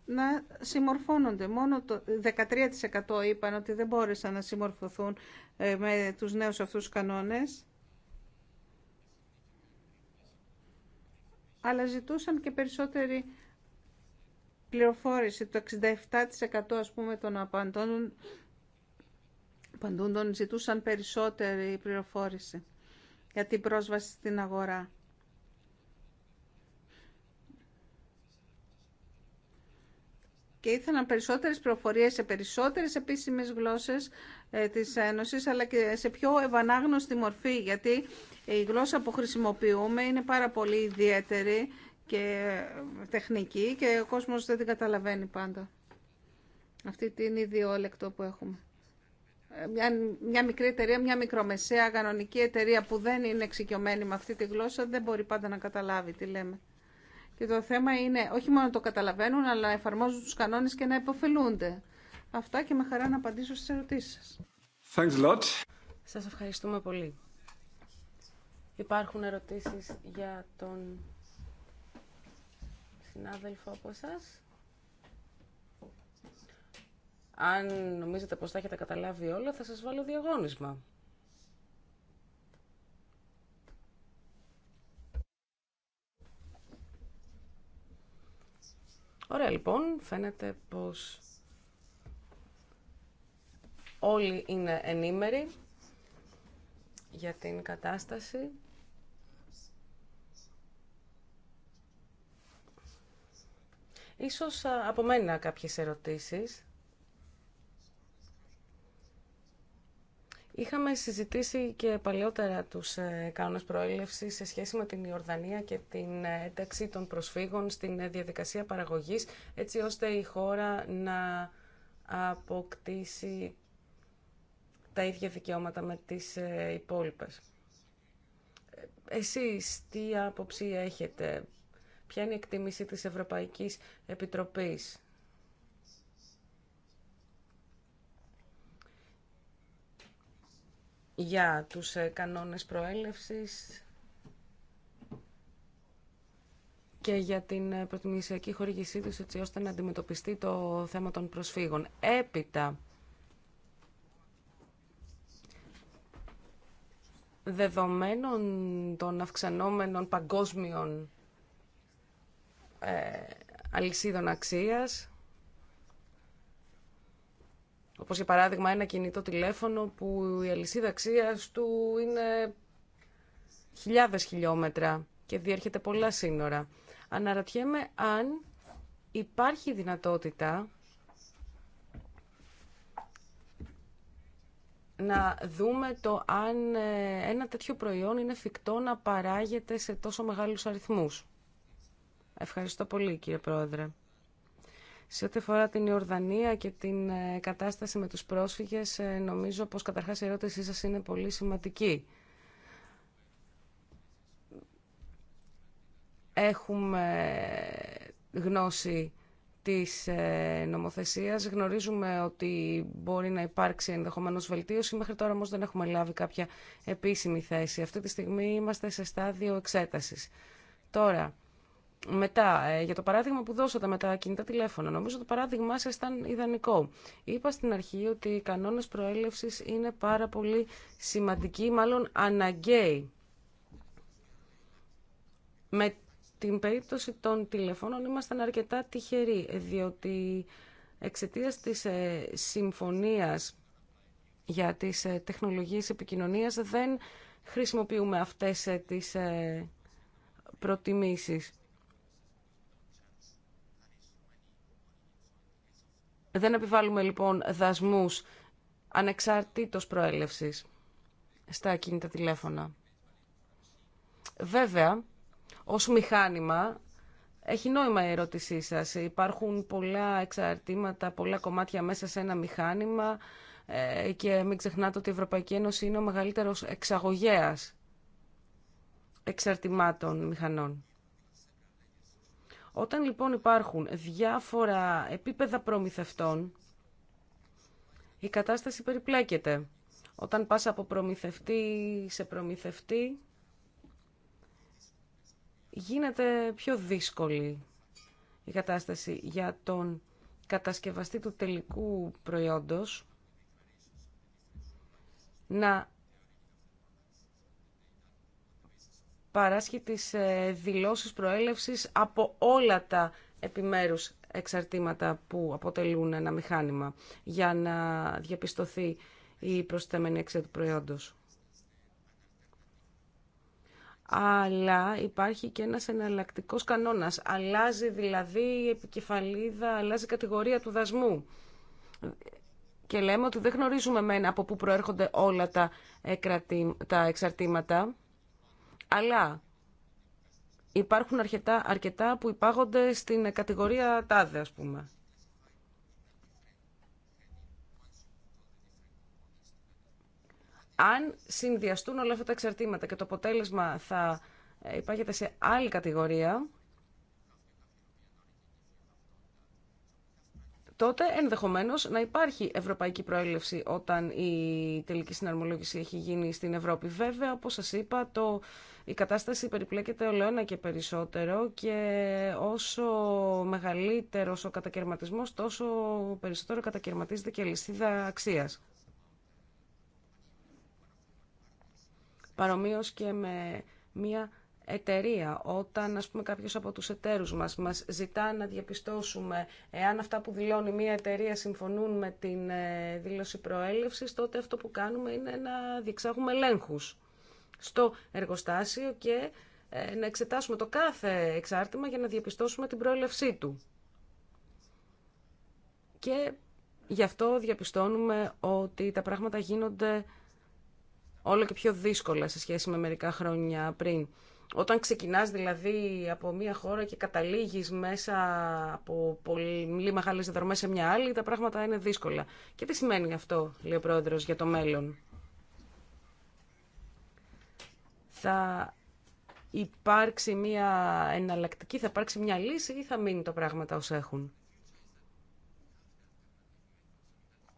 [SPEAKER 1] να συμμορφώνονται. Μόνο το 13% είπαν ότι δεν μπόρεσαν να συμμορφωθούν ε, με τους νέους αυτούς κανόνες. Αλλά ζητούσαν και περισσότερη πληροφόρηση. Το 67% ας πούμε των απαντών τον ζητούσαν περισσότερη πληροφόρηση για την πρόσβαση στην αγορά. και ήθελαν περισσότερες προφορίες σε περισσότερες επίσημες γλώσσες ε, της Ένωσης, αλλά και σε πιο ευανάγνωστη μορφή, γιατί η γλώσσα που χρησιμοποιούμε είναι πάρα πολύ ιδιαίτερη και τεχνική και ο κόσμος δεν την καταλαβαίνει πάντα. Αυτή την ιδιόλεκτο που έχουμε μια, μια μικρή εταιρεία, μια μικρομεσαία κανονική εταιρεία που δεν είναι εξοικειωμένη με αυτή τη γλώσσα δεν μπορεί πάντα να καταλάβει τι λέμε. Και το θέμα είναι όχι μόνο το καταλαβαίνουν, αλλά να εφαρμόζουν τους κανόνες και να υποφελούνται. Αυτά και
[SPEAKER 2] με χαρά να απαντήσω στις ερωτήσεις σας. Thanks a lot. Σας ευχαριστούμε πολύ. Υπάρχουν ερωτήσεις για τον συνάδελφο από εσάς. Αν νομίζετε πως τα έχετε καταλάβει όλα, θα σας βάλω διαγώνισμα. Ωραία λοιπόν, φαίνεται πως όλοι είναι ενήμεροι για την κατάσταση. Ίσως από μένα κάποιες ερωτήσεις. Είχαμε συζητήσει και παλαιότερα τους ε, κανόνες προέλευσης σε σχέση με την Ιορδανία και την ε, ένταξη των προσφύγων στην ε, διαδικασία παραγωγής, έτσι ώστε η χώρα να αποκτήσει τα ίδια δικαιώματα με τις υπόλοιπες. Εσείς τι άποψη έχετε, ποια είναι η εκτίμηση της Ευρωπαϊκής Επιτροπής για τους ε, κανόνες προέλευσης και για την ε, προτιμησιακή χορηγησή τους έτσι ώστε να αντιμετωπιστεί το θέμα των προσφύγων. Έπειτα, δεδομένων των αυξανόμενων παγκόσμιων ε, αλυσίδων αξίας, όπως για παράδειγμα ένα κινητό τηλέφωνο που η αλυσίδα αξία του είναι χιλιάδες χιλιόμετρα και διέρχεται πολλά σύνορα. Αναρωτιέμαι αν υπάρχει δυνατότητα να δούμε το αν ε, ένα τέτοιο προϊόν είναι φυκτό να παράγεται σε τόσο μεγάλους αριθμούς. Ευχαριστώ πολύ κύριε Πρόεδρε. Σε ό,τι αφορά την Ιορδανία και την ε, κατάσταση με τους πρόσφυγες, ε, νομίζω πως καταρχάς η ερώτησή σας είναι πολύ σημαντική. Έχουμε γνώση της ε, νομοθεσίας. Γνωρίζουμε ότι μπορεί να υπάρξει ενδεχομένως βελτίωση. Μέχρι τώρα όμως δεν έχουμε λάβει κάποια επίσημη θέση. Αυτή τη στιγμή είμαστε σε στάδιο εξέτασης. Τώρα, μετά, ε, για το παράδειγμα που δώσατε με τα κινητά τηλέφωνα, νομίζω το παράδειγμά σας ήταν ιδανικό. Είπα στην αρχή ότι οι κανόνες προέλευσης είναι πάρα πολύ σημαντικοί, μάλλον αναγκαίοι. Με την περίπτωση των τηλεφώνων ήμασταν αρκετά τυχεροί, διότι εξαιτίας της ε, συμφωνίας για τις ε, τεχνολογίες επικοινωνίας δεν χρησιμοποιούμε αυτές τις προτιμήσεις. Δεν επιβάλλουμε λοιπόν δασμούς ανεξαρτήτως προέλευσης στα κινητά τηλέφωνα. Βέβαια, ως μηχάνημα έχει νόημα η ερώτησή σας. Υπάρχουν πολλά εξαρτήματα, πολλά κομμάτια μέσα σε ένα μηχάνημα ε, και μην ξεχνάτε ότι η Ευρωπαϊκή Ένωση είναι ο μεγαλύτερος εξαγωγέας εξαρτημάτων μηχανών. Όταν λοιπόν υπάρχουν διάφορα επίπεδα προμηθευτών, η κατάσταση περιπλέκεται. Όταν πας από προμηθευτή σε προμηθευτή, γίνεται πιο δύσκολη η κατάσταση για τον κατασκευαστή του τελικού προϊόντος να παράσχει τις ε, δηλώσεις προέλευσης από όλα τα επιμέρους εξαρτήματα που αποτελούν ένα μηχάνημα για να διαπιστωθεί η προσθέμενη αξία του προϊόντος. Αλλά υπάρχει και ένας εναλλακτικό κανόνας. Αλλάζει δηλαδή η επικεφαλίδα, αλλάζει η κατηγορία του δασμού. Και λέμε ότι δεν γνωρίζουμε μένα από πού προέρχονται όλα τα εξαρτήματα, αλλά υπάρχουν αρκετά, αρκετά που υπάγονται στην κατηγορία τάδε, ας πούμε. Αν συνδυαστούν όλα αυτά τα εξαρτήματα και το αποτέλεσμα θα ε, υπάγεται σε άλλη κατηγορία, τότε ενδεχομένως να υπάρχει ευρωπαϊκή προέλευση όταν η τελική συναρμολόγηση έχει γίνει στην Ευρώπη. Βέβαια, όπως σας είπα, το η κατάσταση περιπλέκεται ολοένα και περισσότερο και όσο μεγαλύτερος ο κατακαιρματισμός τόσο περισσότερο κατακαιρματίζεται και η λυσίδα αξίας. Παρομοίως και με μία εταιρεία, όταν ας πούμε κάποιος από τους εταίρους μας μας ζητά να διαπιστώσουμε εάν αυτά που δηλώνει μια εταιρεία συμφωνούν με την ε, δήλωση προέλευσης, τότε αυτό που κάνουμε είναι να διεξάγουμε ελέγχους στο εργοστάσιο και ε, να εξετάσουμε το κάθε εξάρτημα για να διαπιστώσουμε την προέλευσή του. Και γι' αυτό διαπιστώνουμε ότι τα πράγματα γίνονται όλο και πιο δύσκολα σε σχέση με μερικά χρόνια πριν. Όταν ξεκινάς δηλαδή από μια χώρα και καταλήγεις μέσα από πολύ μεγάλες δρομές σε μια άλλη, τα πράγματα είναι δύσκολα. Και τι σημαίνει αυτό, λέει ο Πρόεδρος, για το μέλλον. θα υπάρξει μια εναλλακτική, θα υπάρξει μια λύση ή θα μείνει τα πράγματα ως έχουν.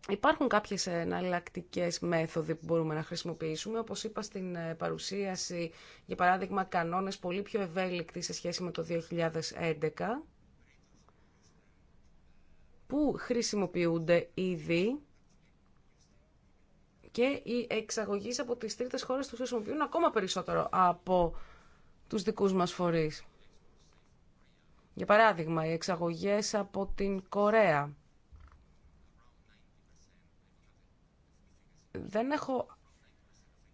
[SPEAKER 2] Υπάρχουν κάποιες εναλλακτικέ μέθοδοι που μπορούμε να χρησιμοποιήσουμε. Όπως είπα στην ε, παρουσίαση, για παράδειγμα, κανόνες πολύ πιο ευέλικτοι σε σχέση με το 2011, που χρησιμοποιούνται ήδη και οι εξαγωγείς από τις τρίτε χώρες του χρησιμοποιούν ακόμα περισσότερο από τους δικούς μας φορείς. Για παράδειγμα, οι εξαγωγές από την Κορέα. Δεν έχω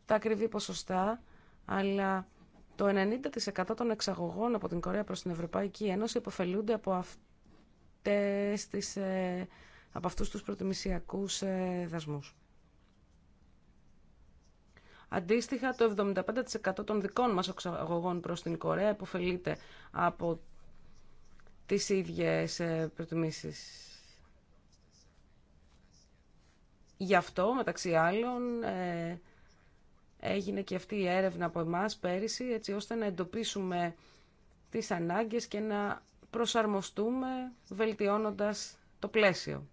[SPEAKER 2] τα ακριβή ποσοστά, αλλά το 90% των εξαγωγών από την Κορέα προς την Ευρωπαϊκή Ένωση υποφελούνται από, αυτές τις, ε, από αυτούς τους προτιμησιακούς ε, δασμούς. Αντίστοιχα, το 75% των δικών μας εξαγωγών προς την Κορέα υποφελείται από τις ίδιες ε, προτιμήσεις. Γι' αυτό, μεταξύ άλλων, ε, έγινε και αυτή η έρευνα από εμάς πέρυσι, έτσι ώστε να εντοπίσουμε τις ανάγκες και να προσαρμοστούμε βελτιώνοντας το πλαίσιο.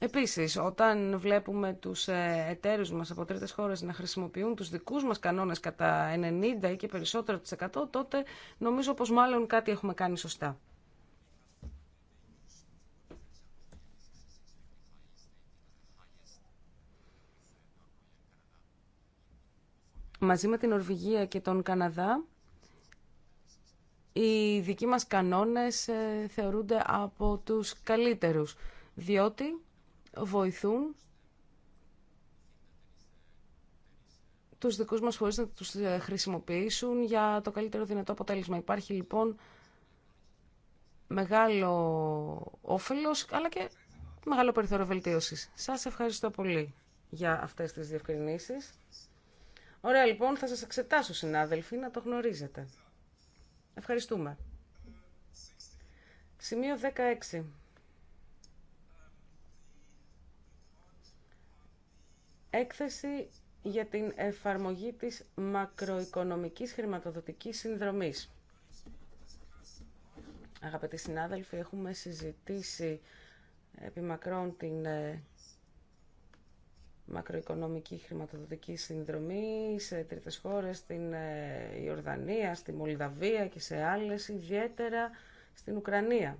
[SPEAKER 2] Επίσης, όταν βλέπουμε τους ε, εταίρους μας από τρίτες χώρες να χρησιμοποιούν τους δικούς μας κανόνες κατά 90% ή και περισσότερο 100%, τότε νομίζω πως μάλλον κάτι έχουμε κάνει σωστά. Μαζί με την Ορβηγία και τον Καναδά, οι δικοί μας κανόνες ε, θεωρούνται από τους καλύτερους, διότι βοηθούν τους δικούς μας φορείς να τους ε, χρησιμοποιήσουν για το καλύτερο δυνατό αποτέλεσμα. Υπάρχει λοιπόν μεγάλο όφελος αλλά και μεγάλο περιθώριο βελτίωσης. Σας ευχαριστώ πολύ για αυτές τις διευκρινήσεις. Ωραία λοιπόν, θα σας εξετάσω συνάδελφοι να το γνωρίζετε. Ευχαριστούμε. Σημείο 16. Έκθεση για την εφαρμογή της μακροοικονομικής χρηματοδοτικής συνδρομής. Αγαπητοί συνάδελφοι, έχουμε συζητήσει επί μακρόν την ε, μακροοικονομική χρηματοδοτική συνδρομή σε τρίτες χώρες, στην ε, Ιορδανία, στη Μολδαβία και σε άλλες, ιδιαίτερα στην Ουκρανία.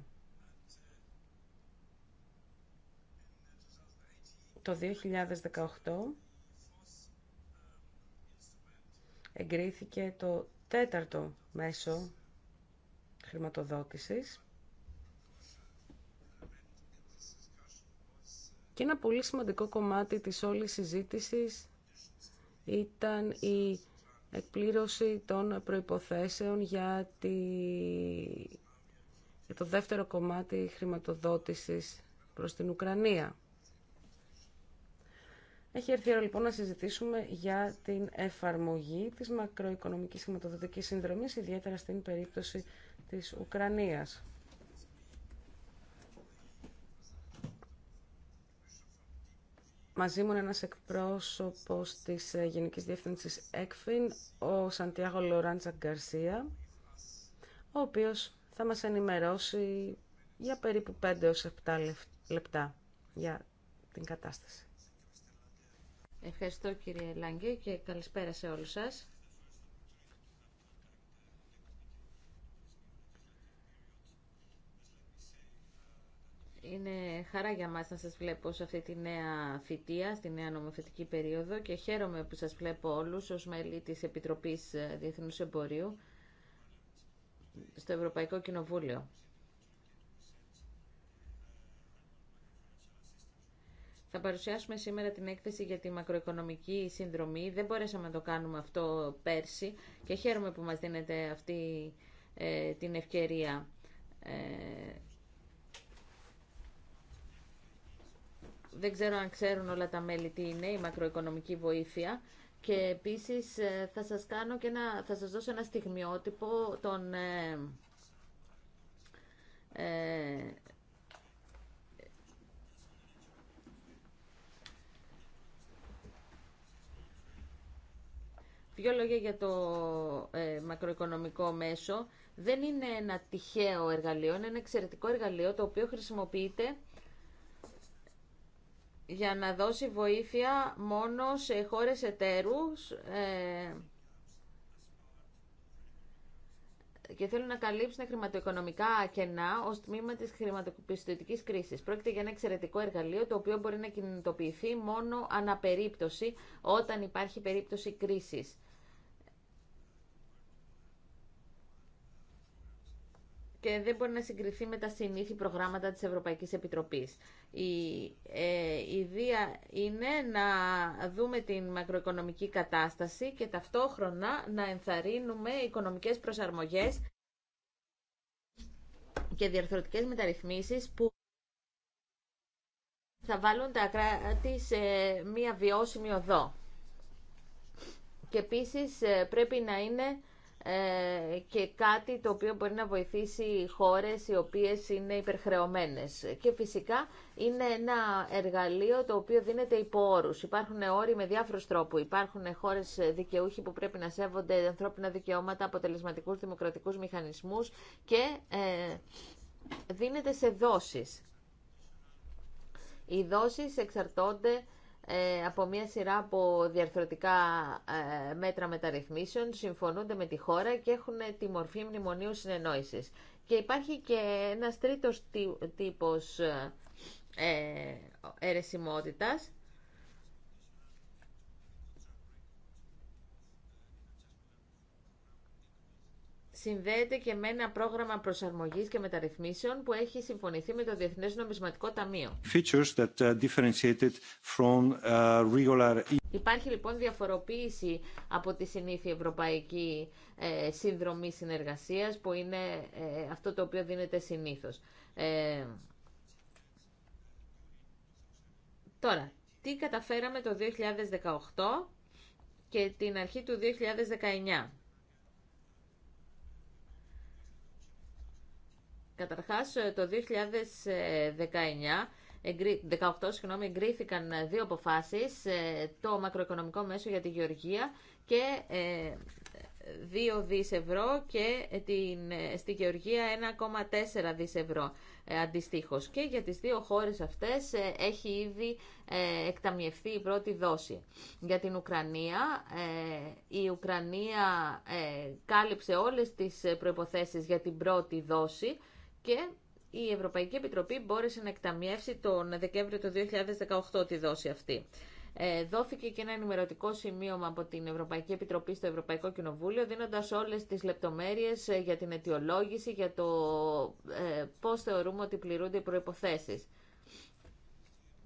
[SPEAKER 2] το 2018 εγκρίθηκε το τέταρτο μέσο χρηματοδότησης και ένα πολύ σημαντικό κομμάτι της όλης συζήτησης ήταν η εκπλήρωση των προϋποθέσεων για, το δεύτερο κομμάτι χρηματοδότησης προς την Ουκρανία. Έχει έρθει η ώρα λοιπόν να συζητήσουμε για την εφαρμογή της μακροοικονομικής χρηματοδοτικής συνδρομής, ιδιαίτερα στην περίπτωση της Ουκρανίας. Μαζί μου είναι ένας εκπρόσωπος της Γενικής Διεύθυνσης ΕΚΦΙΝ, ο Σαντιάγο Λοράντζα Γκαρσία, ο οποίος θα μας ενημερώσει για περίπου 5-7 λεπτά για την
[SPEAKER 3] κατάσταση. Ευχαριστώ κύριε Λάγκη, και καλησπέρα σε όλους σας. Είναι χαρά για μας να σας βλέπω σε αυτή τη νέα θητεία, στη νέα νομοθετική περίοδο και χαίρομαι που σας βλέπω όλους ως μέλη της Επιτροπής Διεθνούς Εμπορίου στο Ευρωπαϊκό Κοινοβούλιο. Θα παρουσιάσουμε σήμερα την έκθεση για τη μακροοικονομική συνδρομή. Δεν μπορέσαμε να το κάνουμε αυτό πέρσι και χαίρομαι που μας δίνετε αυτή ε, την ευκαιρία. Ε, δεν ξέρω αν ξέρουν όλα τα μέλη τι είναι η μακροοικονομική βοήθεια. Και επίσης ε, θα σας, κάνω και ένα, θα σας δώσω ένα στιγμιότυπο των ε, Δύο λόγια για το ε, μακροοικονομικό μέσο. Δεν είναι ένα τυχαίο εργαλείο, είναι ένα εξαιρετικό εργαλείο το οποίο χρησιμοποιείται για να δώσει βοήθεια μόνο σε χώρες εταίρους ε, και θέλουν να καλύψουν χρηματοοικονομικά κενά ως τμήμα της χρηματοπιστωτικής κρίσης. Πρόκειται για ένα εξαιρετικό εργαλείο το οποίο μπορεί να κινητοποιηθεί μόνο αναπερίπτωση όταν υπάρχει περίπτωση κρίσης. και δεν μπορεί να συγκριθεί με τα συνήθη προγράμματα της Ευρωπαϊκής Επιτροπής. Η ε, ιδέα είναι να δούμε την μακροοικονομική κατάσταση και ταυτόχρονα να ενθαρρύνουμε οικονομικές προσαρμογές και διαρθρωτικές μεταρρυθμίσεις που θα βάλουν τα κράτη σε μία βιώσιμη οδό. Και επίσης ε, πρέπει να είναι ε, και κάτι το οποίο μπορεί να βοηθήσει χώρες οι οποίες είναι υπερχρεωμένες. Και φυσικά είναι ένα εργαλείο το οποίο δίνεται υπό όρους. Υπάρχουν όροι με διάφορους τρόπους. Υπάρχουν χώρες δικαιούχοι που πρέπει να σέβονται ανθρώπινα δικαιώματα, αποτελεσματικούς δημοκρατικούς μηχανισμούς και ε, δίνεται σε δόσεις. Οι δόσεις εξαρτώνται ε, από μια σειρά από διαρθρωτικά ε, μέτρα μεταρρυθμίσεων, συμφωνούνται με τη χώρα και έχουν τη μορφή μνημονίου συνεννόησης. Και υπάρχει και ένας τρίτος τύπος ε, αιρεσιμότητας, συνδέεται και με ένα πρόγραμμα προσαρμογής και μεταρρυθμίσεων που έχει συμφωνηθεί με το Διεθνές Νομισματικό Ταμείο. Uh, uh, e- Υπάρχει λοιπόν διαφοροποίηση από τη συνήθεια ευρωπαϊκή ε, συνδρομή συνεργασίας που είναι ε, αυτό το οποίο δίνεται συνήθως. Ε, τώρα, τι καταφέραμε το 2018 και την αρχή του 2019. Καταρχάς, ε, το 2019 18 συγγνώμη, εγκρίθηκαν δύο αποφάσεις, ε, το μακροοικονομικό μέσο για τη Γεωργία και 2 ε, δις ευρώ και την, στη Γεωργία 1,4 δις ευρώ αντιστοίχως. Και για τις δύο χώρες αυτές έχει ήδη εκταμιευθεί η πρώτη δόση. Για την Ουκρανία, η Ουκρανία κάλυψε όλες τις προϋποθέσεις για την πρώτη δόση και η Ευρωπαϊκή Επιτροπή μπόρεσε να εκταμιεύσει τον Δεκέμβριο του 2018 τη δόση αυτή. Ε, δόθηκε και ένα ενημερωτικό σημείωμα από την Ευρωπαϊκή Επιτροπή στο Ευρωπαϊκό Κοινοβούλιο, δίνοντας όλες τις λεπτομέρειες ε, για την αιτιολόγηση, για το ε, πώς θεωρούμε ότι πληρούνται οι προϋποθέσεις.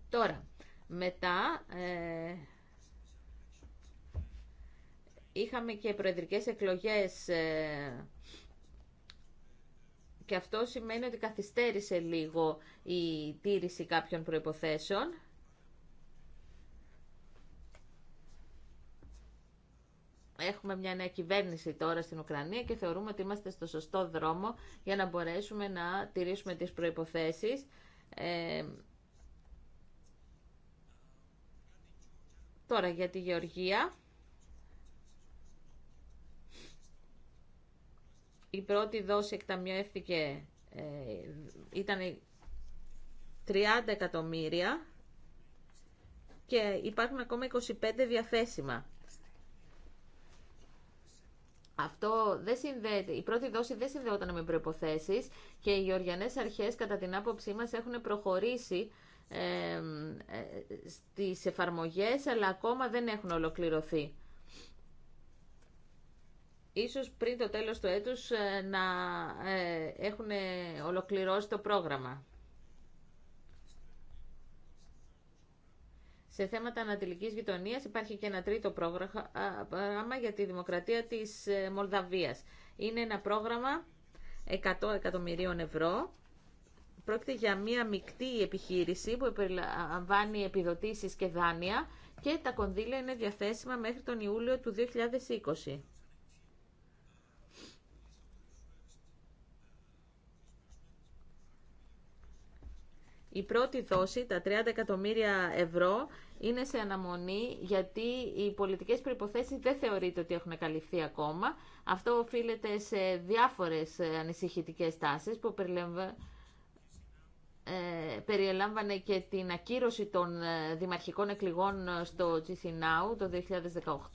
[SPEAKER 3] Τώρα, μετά... Ε, είχαμε και προεδρικές εκλογές ε, και αυτό σημαίνει ότι καθυστέρησε λίγο η τήρηση κάποιων προϋποθέσεων. Έχουμε μια νέα κυβέρνηση τώρα στην Ουκρανία και θεωρούμε ότι είμαστε στο σωστό δρόμο για να μπορέσουμε να τηρήσουμε τις προϋποθέσεις. Ε, τώρα για τη Γεωργία. Η πρώτη δόση εκταμιεύτηκε, ε, ήταν 30 εκατομμύρια και υπάρχουν ακόμα 25 διαθέσιμα. Αυτό δεν συνδέεται. Η πρώτη δόση δεν συνδεόταν με προϋποθέσεις και οι γεωργιανές αρχές κατά την άποψή μας έχουν προχωρήσει ε, ε, στις εφαρμογές αλλά ακόμα δεν έχουν ολοκληρωθεί ίσως πριν το τέλος του έτους ε, να ε, έχουν ολοκληρώσει το πρόγραμμα. Σε θέματα ανατολική γειτονία υπάρχει και ένα τρίτο πρόγραμμα για τη δημοκρατία της ε, Μολδαβίας. Είναι ένα πρόγραμμα 100 εκατομμυρίων ευρώ. Πρόκειται για μια μεικτή επιχείρηση που περιλαμβάνει επιδοτήσεις και δάνεια και τα κονδύλια είναι διαθέσιμα μέχρι τον Ιούλιο του 2020. Η πρώτη δόση, τα 30 εκατομμύρια ευρώ, είναι σε αναμονή γιατί οι πολιτικές προϋποθέσεις δεν θεωρείται ότι έχουν καλυφθεί ακόμα. Αυτό οφείλεται σε διάφορες ε, ανησυχητικές τάσεις που περιελάμβανε και την ακύρωση των ε, δημαρχικών εκλογών ε, στο Τσιθινάου το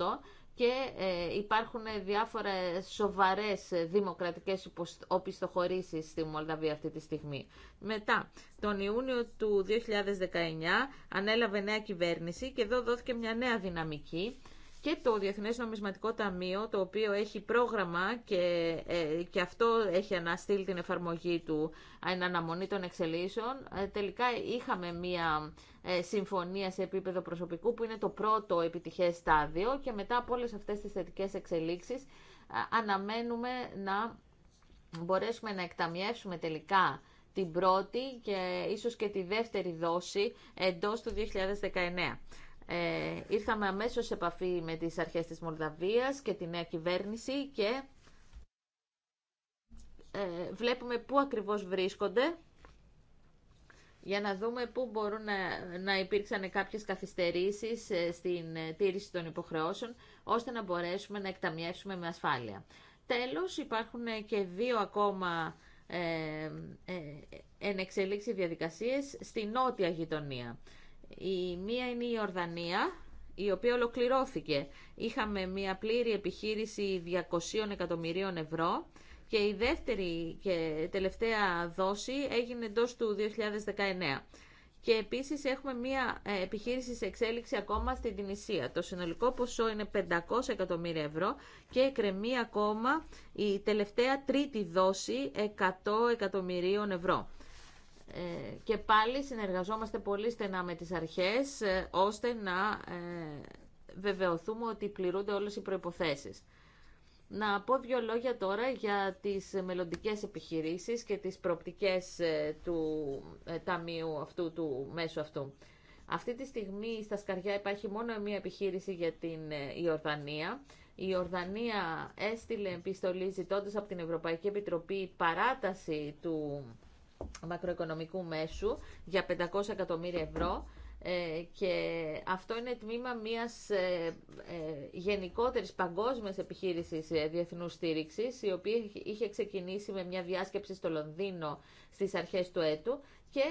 [SPEAKER 3] 2018 και ε, υπάρχουν διάφορες σοβαρές δημοκρατικές οπισθοχωρήσεις στη Μολδαβία αυτή τη στιγμή. Μετά, τον Ιούνιο του 2019 ανέλαβε νέα κυβέρνηση και εδώ δόθηκε μια νέα δυναμική και το Διεθνές Νομισματικό Ταμείο, το οποίο έχει πρόγραμμα και, ε, και αυτό έχει αναστείλει την εφαρμογή του ε, εν αναμονή των εξελίσεων. Ε, τελικά είχαμε μία συμφωνία σε επίπεδο προσωπικού που είναι το πρώτο επιτυχές στάδιο και μετά από όλες αυτές τις θετικές εξελίξεις αναμένουμε να μπορέσουμε να εκταμιεύσουμε τελικά την πρώτη και ίσως και τη δεύτερη δόση εντός του 2019. Ε, ήρθαμε αμέσως σε επαφή με τις αρχές της Μολδαβίας και τη νέα κυβέρνηση και ε, βλέπουμε πού ακριβώς βρίσκονται για να δούμε πού μπορούν να, να υπήρξαν κάποιες καθυστερήσεις ε, στην ε, τήρηση των υποχρεώσεων, ώστε να μπορέσουμε να εκταμιεύσουμε με ασφάλεια. Τέλος, υπάρχουν και δύο ακόμα ε, ενεξελίξει διαδικασίες στη νότια γειτονία. Η μία είναι η Ορδανία, η οποία ολοκληρώθηκε. Είχαμε μία πλήρη επιχείρηση 200 εκατομμυρίων ευρώ και η δεύτερη και τελευταία δόση έγινε εντό του 2019. Και επίσης έχουμε μία ε, επιχείρηση σε εξέλιξη ακόμα στην Τινησία. Το συνολικό ποσό είναι 500 εκατομμύρια ευρώ και εκρεμεί ακόμα η τελευταία τρίτη δόση 100 εκατομμυρίων ευρώ. Ε, και πάλι συνεργαζόμαστε πολύ στενά με τις αρχές ε, ώστε να ε, βεβαιωθούμε ότι πληρούνται όλες οι προϋποθέσεις. Να πω δύο λόγια τώρα για τις μελλοντικέ επιχειρήσεις και τις προπτικές του ταμείου αυτού, του μέσου αυτού. Αυτή τη στιγμή στα Σκαριά υπάρχει μόνο μία επιχείρηση για την Ιορδανία. Η Ιορδανία έστειλε επιστολή ζητώντα από την Ευρωπαϊκή Επιτροπή παράταση του μακροοικονομικού μέσου για 500 εκατομμύρια ευρώ ε, και αυτό είναι τμήμα μιας ε, ε, γενικότερης παγκόσμιας επιχείρησης διεθνούς στήριξης η οποία είχε ξεκινήσει με μια διάσκεψη στο Λονδίνο στις αρχές του έτου και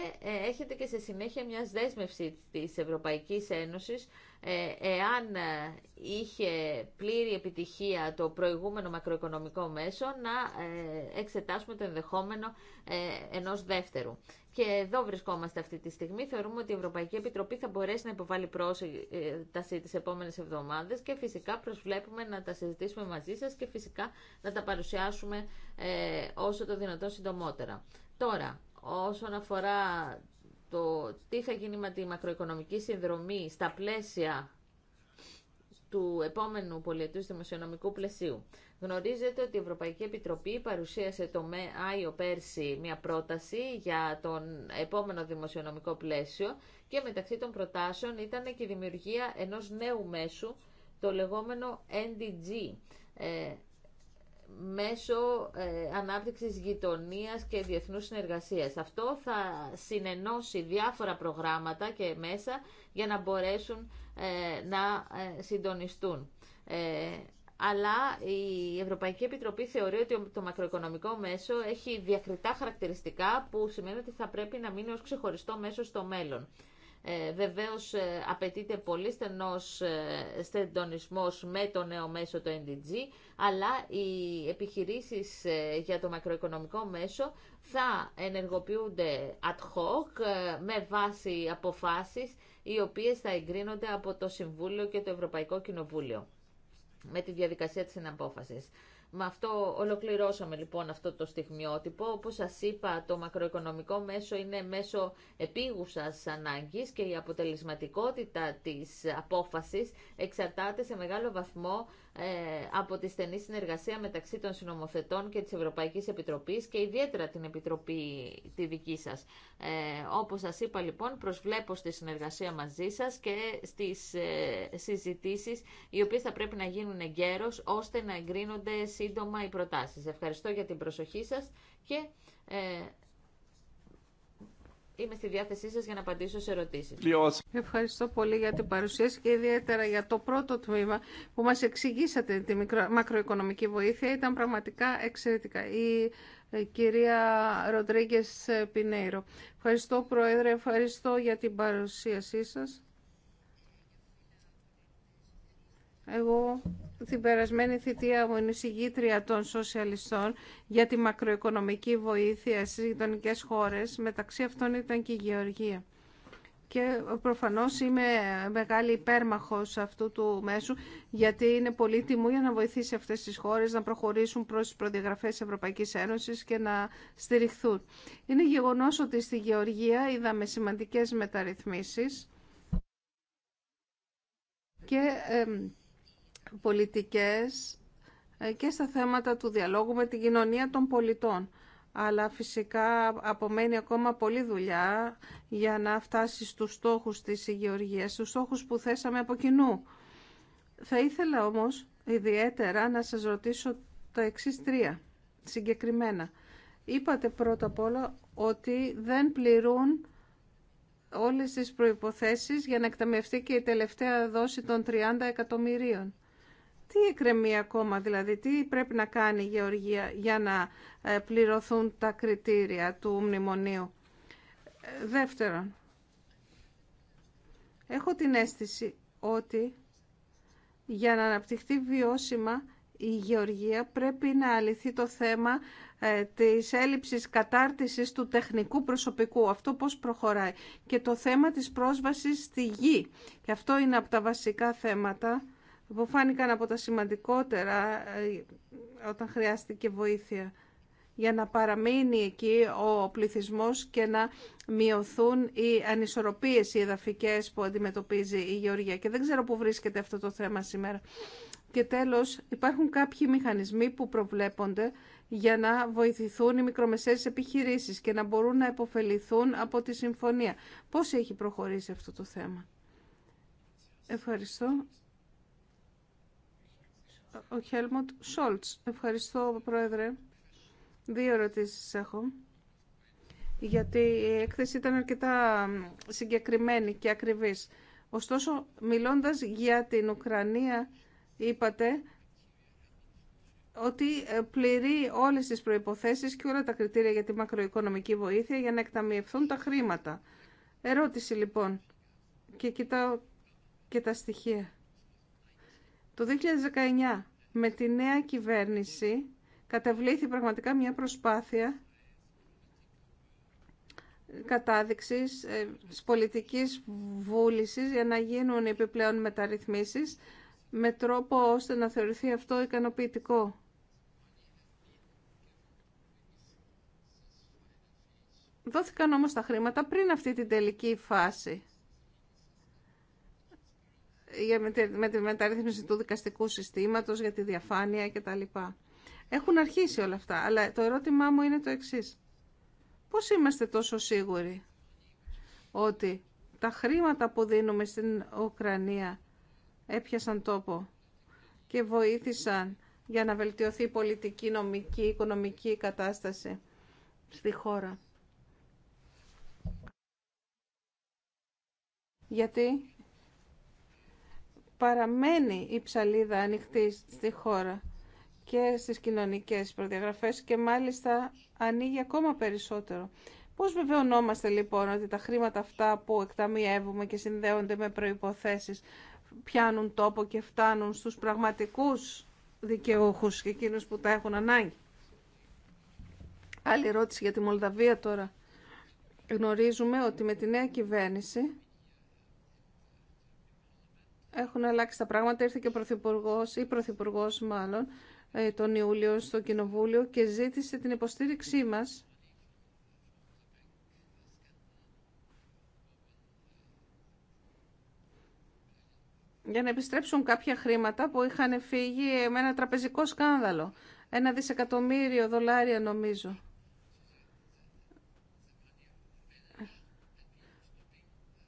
[SPEAKER 3] έχετε και σε συνέχεια μια δέσμευση της Ευρωπαϊκής Ένωσης ε, εάν ε, είχε πλήρη επιτυχία το προηγούμενο μακροοικονομικό μέσο να ε, εξετάσουμε το ενδεχόμενο ενός δεύτερου. Και εδώ βρισκόμαστε αυτή τη στιγμή. Θεωρούμε ότι η Ευρωπαϊκή Επιτροπή θα μπορέσει να υποβάλει πρόταση τις επόμενες εβδομάδες και φυσικά προσβλέπουμε να τα συζητήσουμε μαζί σας και φυσικά να τα παρουσιάσουμε όσο το δυνατόν συντομότερα. Τώρα, όσον αφορά το τι θα γίνει με τη μακροοικονομική συνδρομή στα πλαίσια του επόμενου πολιετού δημοσιονομικού πλαισίου. Γνωρίζετε ότι η Ευρωπαϊκή Επιτροπή παρουσίασε το Μάιο πέρσι μια πρόταση για τον επόμενο δημοσιονομικό πλαίσιο και μεταξύ των προτάσεων ήταν και η δημιουργία ενός νέου μέσου, το λεγόμενο NDG, ε, μέσω ε, ανάπτυξης γειτονίας και διεθνούς συνεργασίας. Αυτό θα συνενώσει διάφορα προγράμματα και μέσα για να μπορέσουν ε, να ε, συντονιστούν. Αλλά η Ευρωπαϊκή Επιτροπή θεωρεί ότι το μακροοικονομικό μέσο έχει διακριτά χαρακτηριστικά που σημαίνει ότι θα πρέπει να μείνει ως ξεχωριστό μέσο στο μέλλον. Ε, βεβαίως ε, απαιτείται πολύ στενός ε, στεντονισμός με το νέο μέσο το NDG, αλλά οι επιχειρήσεις ε, για το μακροοικονομικό μέσο θα ενεργοποιούνται ad hoc με βάση αποφάσεις οι οποίες θα εγκρίνονται από το Συμβούλιο και το Ευρωπαϊκό Κοινοβούλιο με τη διαδικασία της συναπόφασης. Με αυτό ολοκληρώσαμε λοιπόν αυτό το στιγμιότυπο. Όπως σας είπα, το μακροοικονομικό μέσο είναι μέσο επίγουσας ανάγκης και η αποτελεσματικότητα της απόφασης εξαρτάται σε μεγάλο βαθμό ε, από τη στενή συνεργασία μεταξύ των συνομοθετών και της Ευρωπαϊκής Επιτροπής και ιδιαίτερα την Επιτροπή τη δική σας. Ε, όπως σας είπα λοιπόν, προσβλέπω στη συνεργασία μαζί σας και στις ε, συζητήσεις οι οποίες θα πρέπει να γίνουν εγκαίρως ώστε να εγκρίνονται σύντομα οι προτάσεις. Ευχαριστώ για την προσοχή σας και ε, Είμαι στη διάθεσή σα για να απαντήσω σε ερωτήσεις.
[SPEAKER 1] Ευχαριστώ πολύ για την παρουσίαση και ιδιαίτερα για το πρώτο τμήμα που μας εξηγήσατε τη μακροοικονομική βοήθεια. Ήταν πραγματικά εξαιρετικά. Η κυρία Ροντρίγκε Πινέιρο. Ευχαριστώ Πρόεδρε, ευχαριστώ για την παρουσίασή σας. Εγώ την περασμένη θητεία μου είναι συγγήτρια των σοσιαλιστών για τη μακροοικονομική βοήθεια στις γειτονικέ χώρες. Μεταξύ αυτών ήταν και η Γεωργία. Και προφανώς είμαι μεγάλη υπέρμαχος αυτού του μέσου, γιατί είναι πολύτιμο για να βοηθήσει αυτές τις χώρες να προχωρήσουν προς τις προδιαγραφές της Ευρωπαϊκής Ένωσης και να στηριχθούν. Είναι γεγονός ότι στη Γεωργία είδαμε σημαντικές μεταρρυθμίσεις και πολιτικές ε, και στα θέματα του διαλόγου με την κοινωνία των πολιτών. Αλλά φυσικά απομένει ακόμα πολλή δουλειά για να φτάσει στους στόχους της υγειοργίας, στους στόχους που θέσαμε από κοινού. Θα ήθελα όμως ιδιαίτερα να σας ρωτήσω τα εξή τρία συγκεκριμένα. Είπατε πρώτα απ' όλα ότι δεν πληρούν όλες τις προϋποθέσεις για να εκτεμευτεί και η τελευταία δόση των 30 εκατομμυρίων. Τι εκκρεμεί ακόμα, δηλαδή, τι πρέπει να κάνει η Γεωργία για να ε, πληρωθούν τα κριτήρια του μνημονίου. Ε, δεύτερον, έχω την αίσθηση ότι για να αναπτυχθεί βιώσιμα η Γεωργία πρέπει να αληθεί το θέμα ε, της έλλειψης κατάρτισης του τεχνικού προσωπικού. Αυτό πώς προχωράει. Και το θέμα της πρόσβασης στη γη. Και αυτό είναι από τα βασικά θέματα που φάνηκαν από τα σημαντικότερα ε, όταν χρειάστηκε βοήθεια για να παραμείνει εκεί ο πληθυσμός και να μειωθούν οι ανισορροπίες οι εδαφικές που αντιμετωπίζει η Γεωργία. Και δεν ξέρω πού βρίσκεται αυτό το θέμα σήμερα. Και τέλος, υπάρχουν κάποιοι μηχανισμοί που προβλέπονται για να βοηθηθούν οι μικρομεσαίες επιχειρήσεις και να μπορούν να επωφεληθούν από τη συμφωνία. Πώς έχει προχωρήσει αυτό το θέμα. Ευχαριστώ ο Χέλμοντ Σόλτς. Ευχαριστώ, Πρόεδρε. Δύο ερωτήσεις έχω. Γιατί η έκθεση ήταν αρκετά συγκεκριμένη και ακριβής. Ωστόσο, μιλώντας για την Ουκρανία, είπατε ότι ε, πληρεί όλες τις προϋποθέσεις και όλα τα κριτήρια για τη μακροοικονομική βοήθεια για να εκταμιευθούν τα χρήματα. Ερώτηση λοιπόν και κοιτάω και τα στοιχεία. Το 2019 με τη νέα κυβέρνηση καταβλήθη πραγματικά μια προσπάθεια κατάδειξης ε, της πολιτικής βούλησης για να γίνουν επιπλέον μεταρρυθμίσεις με τρόπο ώστε να θεωρηθεί αυτό ικανοποιητικό. Δόθηκαν όμως τα χρήματα πριν αυτή την τελική φάση με τη μεταρρύθμιση του δικαστικού συστήματος, για τη διαφάνεια κτλ. Έχουν αρχίσει όλα αυτά, αλλά το ερώτημά μου είναι το εξής. Πώς είμαστε τόσο σίγουροι ότι τα χρήματα που δίνουμε στην Ουκρανία έπιασαν τόπο και βοήθησαν για να βελτιωθεί η πολιτική, νομική, οικονομική κατάσταση στη χώρα. Γιατί παραμένει η ψαλίδα ανοιχτή στη χώρα και στις κοινωνικές προδιαγραφές και μάλιστα ανοίγει ακόμα περισσότερο. Πώς βεβαιωνόμαστε λοιπόν ότι τα χρήματα αυτά που εκταμιεύουμε και συνδέονται με προϋποθέσεις πιάνουν τόπο και φτάνουν στους πραγματικούς δικαιούχους και εκείνους που τα έχουν ανάγκη. Άλλη ερώτηση για τη Μολδαβία τώρα. Γνωρίζουμε ότι με τη νέα κυβέρνηση έχουν αλλάξει τα πράγματα. Ήρθε και ο Πρωθυπουργό ή Πρωθυπουργό μάλλον ε, τον Ιούλιο στο Κοινοβούλιο και ζήτησε την υποστήριξή μα. για να επιστρέψουν κάποια χρήματα που είχαν φύγει με ένα τραπεζικό σκάνδαλο. Ένα δισεκατομμύριο δολάρια νομίζω.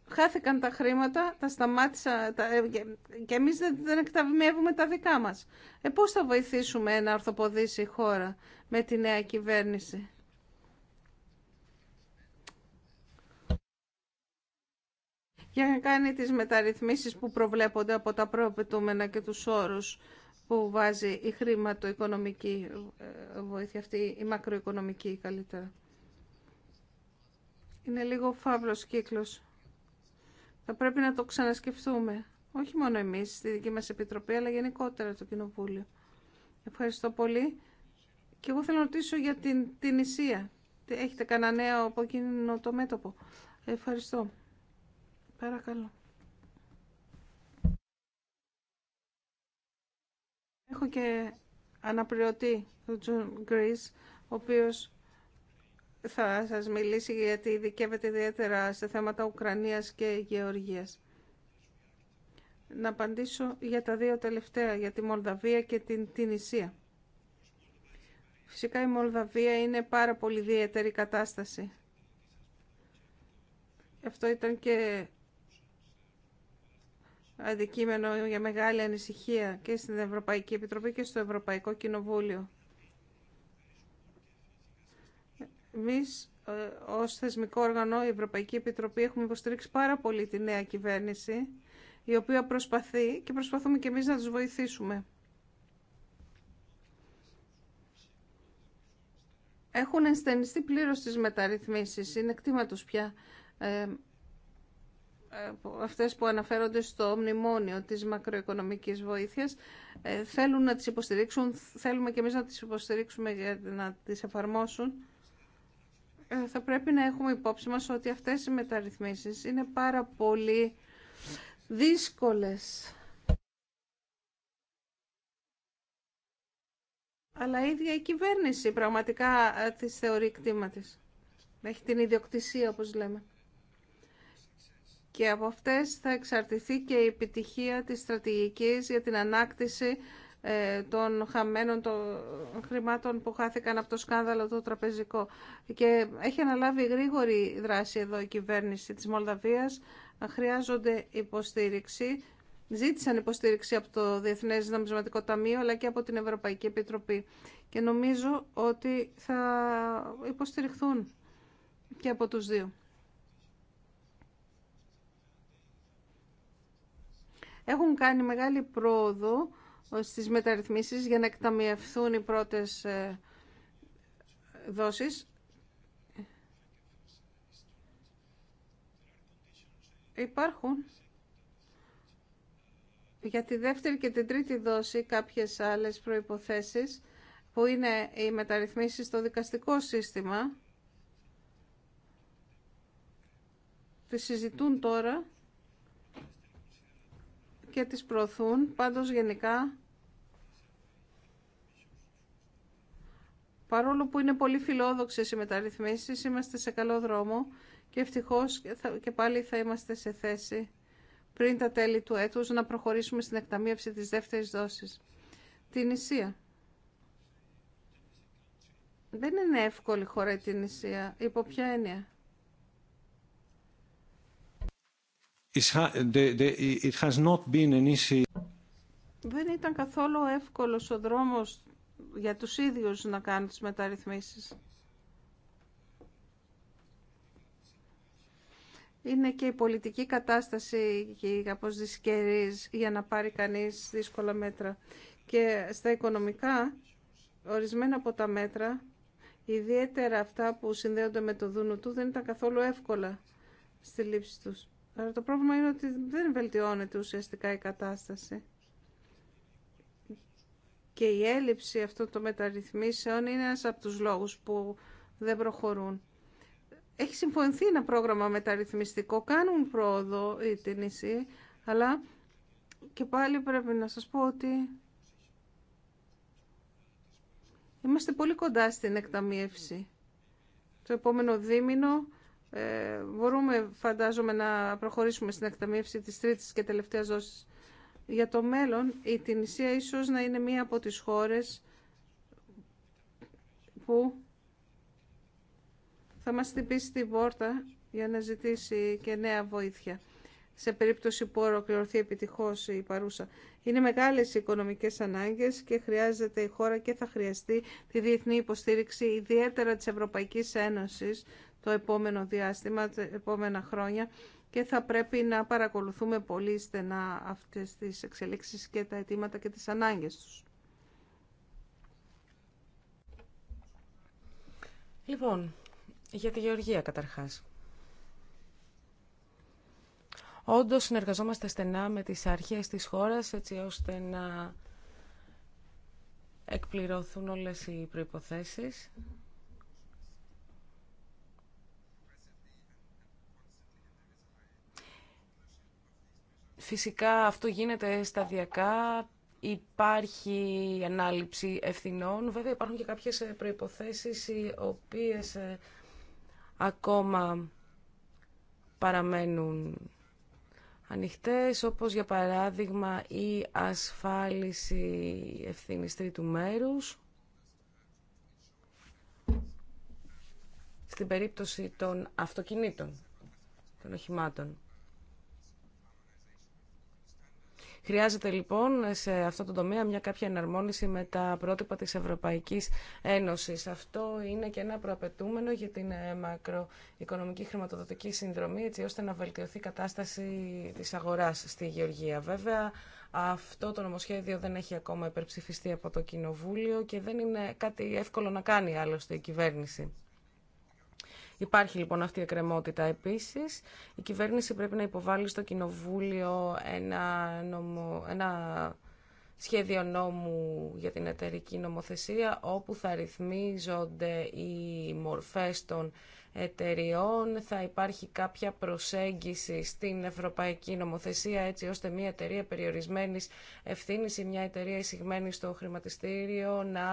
[SPEAKER 1] χάθηκαν τα χρήματα, τα σταμάτησα τα, ε, και εμείς δεν, δεν τα δικά μας. Ε, θα βοηθήσουμε να ορθοποδήσει η χώρα με τη νέα κυβέρνηση. για να κάνει τις μεταρρυθμίσεις που προβλέπονται από τα προαπαιτούμενα και τους όρους που βάζει η χρηματοοικονομική ε, βοήθεια αυτή, η μακροοικονομική καλύτερα. Είναι λίγο φαύλος κύκλος. Θα πρέπει να το ξανασκεφτούμε. Όχι μόνο εμείς στη δική μας Επιτροπή, αλλά γενικότερα το Κοινοβούλιο. Ευχαριστώ πολύ. Και εγώ θέλω να ρωτήσω για την, την Ισία. Έχετε κανένα νέο από εκείνο το μέτωπο. Ευχαριστώ. Παρακαλώ. Έχω και αναπληρωτή, τον Τζον Γκρίς, ο οποίος θα σας μιλήσει γιατί ειδικεύεται ιδιαίτερα σε θέματα Ουκρανίας και Γεωργίας. Να απαντήσω για τα δύο τελευταία, για τη Μολδαβία και την Τινησία. Φυσικά η Μολδαβία είναι πάρα πολύ ιδιαίτερη κατάσταση. Αυτό ήταν και αντικείμενο για μεγάλη ανησυχία και στην Ευρωπαϊκή Επιτροπή και στο Ευρωπαϊκό Κοινοβούλιο. Εμεί, ε, ως θεσμικό όργανο, η Ευρωπαϊκή Επιτροπή, έχουμε υποστηρίξει πάρα πολύ τη νέα κυβέρνηση, η οποία προσπαθεί και προσπαθούμε και εμεί να τους βοηθήσουμε. Έχουν ενστενιστεί πλήρω τι μεταρρυθμίσει. είναι κτήμα πια ε, ε αυτές που αναφέρονται στο μνημόνιο της μακροοικονομικής βοήθειας ε, θέλουν να τις υποστηρίξουν θέλουμε και εμείς να τις υποστηρίξουμε για να τις εφαρμόσουν ε, θα πρέπει να έχουμε υπόψη μας ότι αυτές οι μεταρρυθμίσεις είναι πάρα πολύ δύσκολες. Αλλά η ίδια η κυβέρνηση πραγματικά ε, τις θεωρεί κτήμα της. Έχει την ιδιοκτησία όπως λέμε. Και από αυτές θα εξαρτηθεί και η επιτυχία της στρατηγικής για την ανάκτηση ε, των χαμένων των χρημάτων που χάθηκαν από το σκάνδαλο το τραπεζικό. Και έχει αναλάβει γρήγορη δράση εδώ η κυβέρνηση της Μολδαβίας. Χρειάζονται υποστήριξη. Ζήτησαν υποστήριξη από το Διεθνές Νομισματικό Ταμείο αλλά και από την Ευρωπαϊκή Επιτροπή. Και νομίζω ότι θα υποστηριχθούν και από τους δύο. Έχουν κάνει μεγάλη πρόοδο στις μεταρρυθμίσεις για να εκταμιευθούν οι πρώτες ε, δόσεις. Υπάρχουν για τη δεύτερη και την τρίτη δόση κάποιες άλλες προϋποθέσεις που είναι οι μεταρρυθμίσεις στο δικαστικό σύστημα. Τις συζητούν τώρα και τις προωθούν. Πάντως γενικά, παρόλο που είναι πολύ φιλόδοξες οι μεταρρυθμίσεις, είμαστε σε καλό δρόμο και ευτυχώς και πάλι θα είμαστε σε θέση πριν τα τέλη του έτους να προχωρήσουμε στην εκταμείευση της δεύτερης δόσης. Την Ισία. Δεν είναι εύκολη χώρα η Τινησία. Υπό ποια έννοια. Δεν ήταν καθόλου εύκολος ο δρόμος για τους ίδιους να κάνουν τις μεταρρυθμίσεις. Είναι και η πολιτική κατάσταση και η δυσκερής για να πάρει κανείς δύσκολα μέτρα. Και στα οικονομικά, ορισμένα από τα μέτρα, ιδιαίτερα αυτά που συνδέονται με το δούνο του, δεν ήταν καθόλου εύκολα στη λήψη τους. Αλλά το πρόβλημα είναι ότι δεν βελτιώνεται ουσιαστικά η κατάσταση. Και η έλλειψη αυτών των μεταρρυθμίσεων είναι ένας από τους λόγους που δεν προχωρούν. Έχει συμφωνηθεί ένα πρόγραμμα μεταρρυθμιστικό, κάνουν πρόοδο η Τινησή, αλλά και πάλι πρέπει να σας πω ότι είμαστε πολύ κοντά στην εκταμίευση. Το επόμενο δίμηνο ε, μπορούμε φαντάζομαι να προχωρήσουμε στην εκταμείευση της τρίτης και τελευταίας δόσης. Για το μέλλον η Τινησία ίσως να είναι μία από τις χώρες που θα μας τυπήσει την πόρτα για να ζητήσει και νέα βοήθεια σε περίπτωση που ολοκληρωθεί επιτυχώς η παρούσα. Είναι μεγάλες οι οικονομικές ανάγκες και χρειάζεται η χώρα και θα χρειαστεί τη διεθνή υποστήριξη ιδιαίτερα της Ευρωπαϊκής Ένωσης το επόμενο διάστημα, τα επόμενα χρόνια και θα πρέπει να παρακολουθούμε πολύ στενά αυτές τις εξελίξεις και τα αιτήματα και τις ανάγκες τους.
[SPEAKER 2] Λοιπόν, για τη γεωργία καταρχάς. Όντως συνεργαζόμαστε στενά με τις αρχές της χώρας έτσι ώστε να εκπληρωθούν όλες οι προϋποθέσεις Φυσικά αυτό γίνεται σταδιακά, υπάρχει ανάληψη ευθυνών. Βέβαια υπάρχουν και κάποιες ε, προϋποθέσεις οι οποίες ε, ακόμα παραμένουν ανοιχτές, όπως για παράδειγμα η ασφάλιση ευθύνης τρίτου μέρους. Στην περίπτωση των αυτοκινήτων, των οχημάτων. Χρειάζεται λοιπόν σε αυτό το τομέα μια κάποια εναρμόνιση με τα πρότυπα της Ευρωπαϊκής Ένωσης. Αυτό είναι και ένα προαπαιτούμενο για την ε, μακροοικονομική χρηματοδοτική συνδρομή έτσι ώστε να βελτιωθεί η κατάσταση της αγοράς στη Γεωργία. Βέβαια αυτό το νομοσχέδιο δεν έχει ακόμα υπερψηφιστεί από το Κοινοβούλιο και δεν είναι κάτι εύκολο να κάνει άλλωστε η κυβέρνηση. Υπάρχει λοιπόν αυτή η εκκρεμότητα επίσης. Η κυβέρνηση πρέπει να υποβάλει στο Κοινοβούλιο ένα, νομο, ένα σχέδιο νόμου για την εταιρική νομοθεσία όπου θα ρυθμίζονται οι μορφές των εταιριών, θα υπάρχει κάποια προσέγγιση στην ευρωπαϊκή νομοθεσία έτσι ώστε μια εταιρεία περιορισμένης ευθύνης ή μια εταιρεία εισηγμένη στο χρηματιστήριο να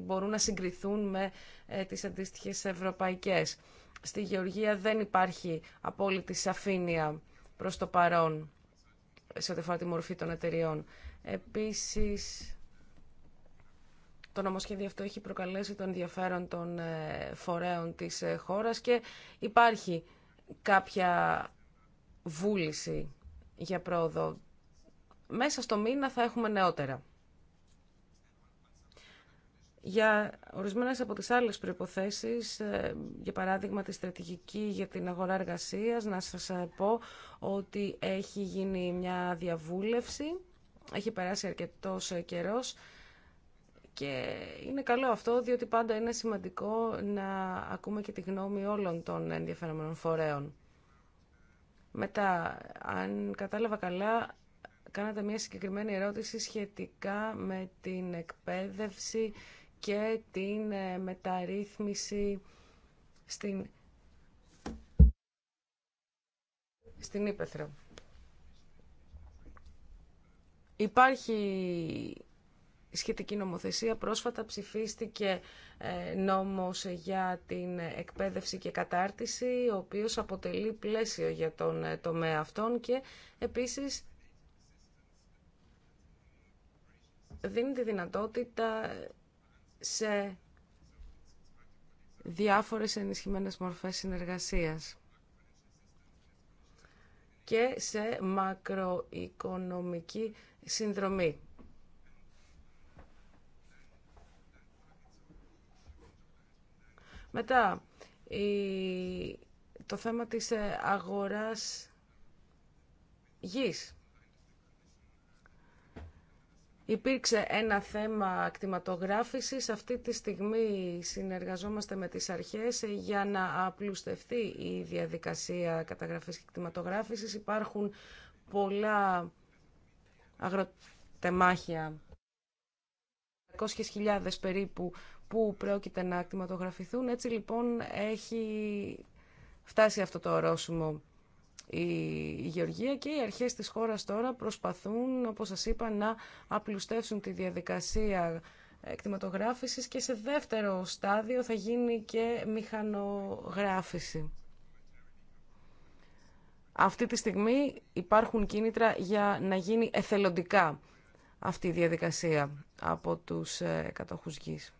[SPEAKER 2] μπορούν να συγκριθούν με ε, τις αντίστοιχες ευρωπαϊκές. Στη Γεωργία δεν υπάρχει απόλυτη σαφήνεια προς το παρόν σε ό,τι αφορά τη μορφή των εταιριών. Επίσης, το νομοσχέδιο αυτό έχει προκαλέσει τον ενδιαφέρον των ε, φορέων της ε, χώρας και υπάρχει κάποια βούληση για πρόοδο. Μέσα στο μήνα θα έχουμε νεότερα. Για ορισμένες από τις άλλες προϋποθέσεις, ε, για παράδειγμα τη στρατηγική για την αγορά εργασίας, να σας πω ότι έχει γίνει μια διαβούλευση, έχει περάσει αρκετός καιρός και είναι καλό αυτό, διότι πάντα είναι σημαντικό να ακούμε και τη γνώμη όλων των ενδιαφερομένων φορέων. Μετά, αν κατάλαβα καλά, κάνατε μια συγκεκριμένη ερώτηση σχετικά με την εκπαίδευση και την ε, μεταρρύθμιση στην, στην Ήπεθρο. Υπάρχει σχετική νομοθεσία. Πρόσφατα ψηφίστηκε ε, νόμος για την εκπαίδευση και κατάρτιση, ο οποίος αποτελεί πλαίσιο για τον ε, τομέα αυτόν και επίσης δίνει τη δυνατότητα σε διάφορες ενισχυμένες μορφές συνεργασίας και σε μακροοικονομική συνδρομή. Μετά, το θέμα της ε, αγοράς γης. Υπήρξε ένα θέμα ακτιματογράφησης. Αυτή τη στιγμή συνεργαζόμαστε με τις αρχές ε, για να απλουστευτεί η διαδικασία καταγραφής και ακτιματογράφησης. Υπάρχουν πολλά αγροτεμάχια 300.000 περίπου που πρόκειται να ακτιματογραφηθούν. Έτσι λοιπόν έχει φτάσει αυτό το ορόσημο η Γεωργία και οι αρχές της χώρας τώρα προσπαθούν, όπως σας είπα, να απλουστεύσουν τη διαδικασία εκτιματογράφησης και σε δεύτερο στάδιο θα γίνει και μηχανογράφηση. Αυτή τη στιγμή υπάρχουν κίνητρα για να γίνει εθελοντικά αυτή η διαδικασία από τους ε, κατοχούς γης.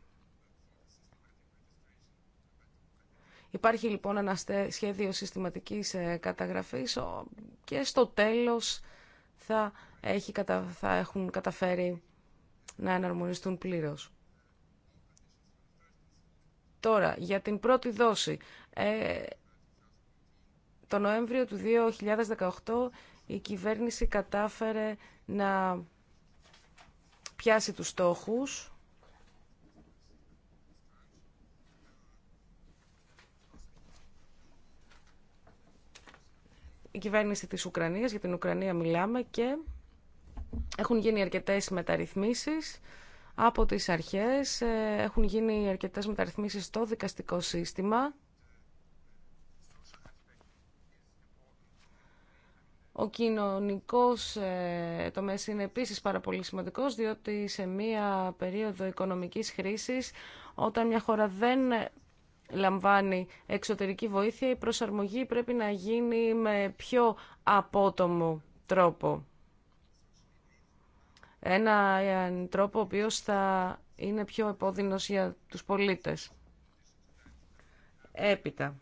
[SPEAKER 2] Υπάρχει λοιπόν ένα σχέδιο συστηματικής ε, καταγραφής και στο τέλος θα, έχει, θα έχουν καταφέρει να εναρμονιστούν πλήρως. Τώρα, για την πρώτη δόση. Ε, το Νοέμβριο του 2018 η κυβέρνηση κατάφερε να πιάσει τους στόχους η κυβέρνηση της Ουκρανίας, για την Ουκρανία μιλάμε και έχουν γίνει αρκετές μεταρρυθμίσεις από τις αρχές, ε, έχουν γίνει αρκετές μεταρρυθμίσεις στο δικαστικό σύστημα Ο κοινωνικός ε, τομέας είναι επίσης πάρα πολύ σημαντικός, διότι σε μία περίοδο οικονομικής χρήσης, όταν μια χώρα δεν λαμβάνει εξωτερική βοήθεια, η προσαρμογή πρέπει να γίνει με πιο απότομο τρόπο. Ένα ε, τρόπο ο οποίος θα είναι πιο επώδυνος για τους πολίτες. Έπειτα.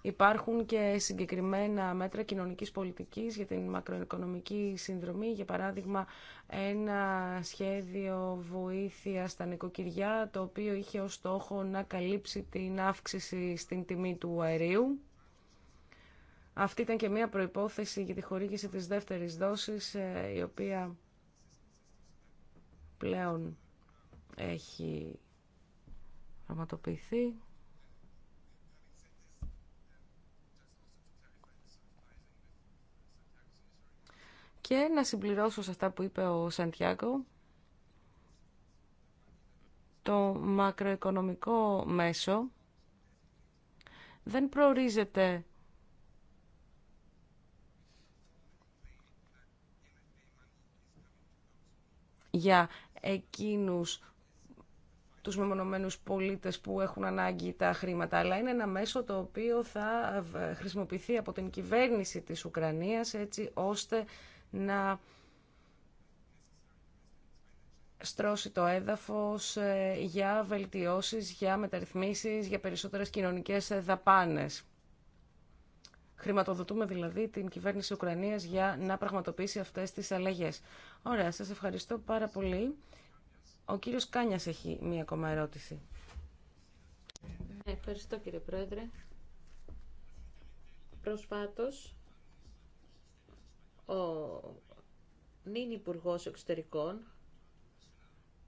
[SPEAKER 2] Υπάρχουν και συγκεκριμένα μέτρα κοινωνικής πολιτικής για την μακροοικονομική συνδρομή, για παράδειγμα ένα σχέδιο βοήθεια στα νοικοκυριά, το οποίο είχε ως στόχο να καλύψει την αύξηση στην τιμή του αερίου. Αυτή ήταν και μία προϋπόθεση για τη χορήγηση της δεύτερης δόσης, ε, η οποία πλέον έχει πραγματοποιηθεί. Και να συμπληρώσω σε αυτά που είπε ο Σαντιάκο, το μακροοικονομικό μέσο δεν προορίζεται για εκείνους τους μεμονωμένους πολίτες που έχουν ανάγκη τα χρήματα, αλλά είναι ένα μέσο το οποίο θα ε, χρησιμοποιηθεί από την κυβέρνηση της Ουκρανίας έτσι ώστε να στρώσει το έδαφος ε, για βελτιώσεις, για μεταρρυθμίσεις, για περισσότερες κοινωνικές ε, δαπάνες. Χρηματοδοτούμε δηλαδή την κυβέρνηση Ουκρανίας για να πραγματοποιήσει αυτές τις αλλαγές. Ωραία, σας ευχαριστώ πάρα πολύ. Ο κύριος Κάνιας έχει μία ακόμα ερώτηση.
[SPEAKER 3] Ευχαριστώ κύριε Πρόεδρε. Προσφάτως ο νυν υπουργό Εξωτερικών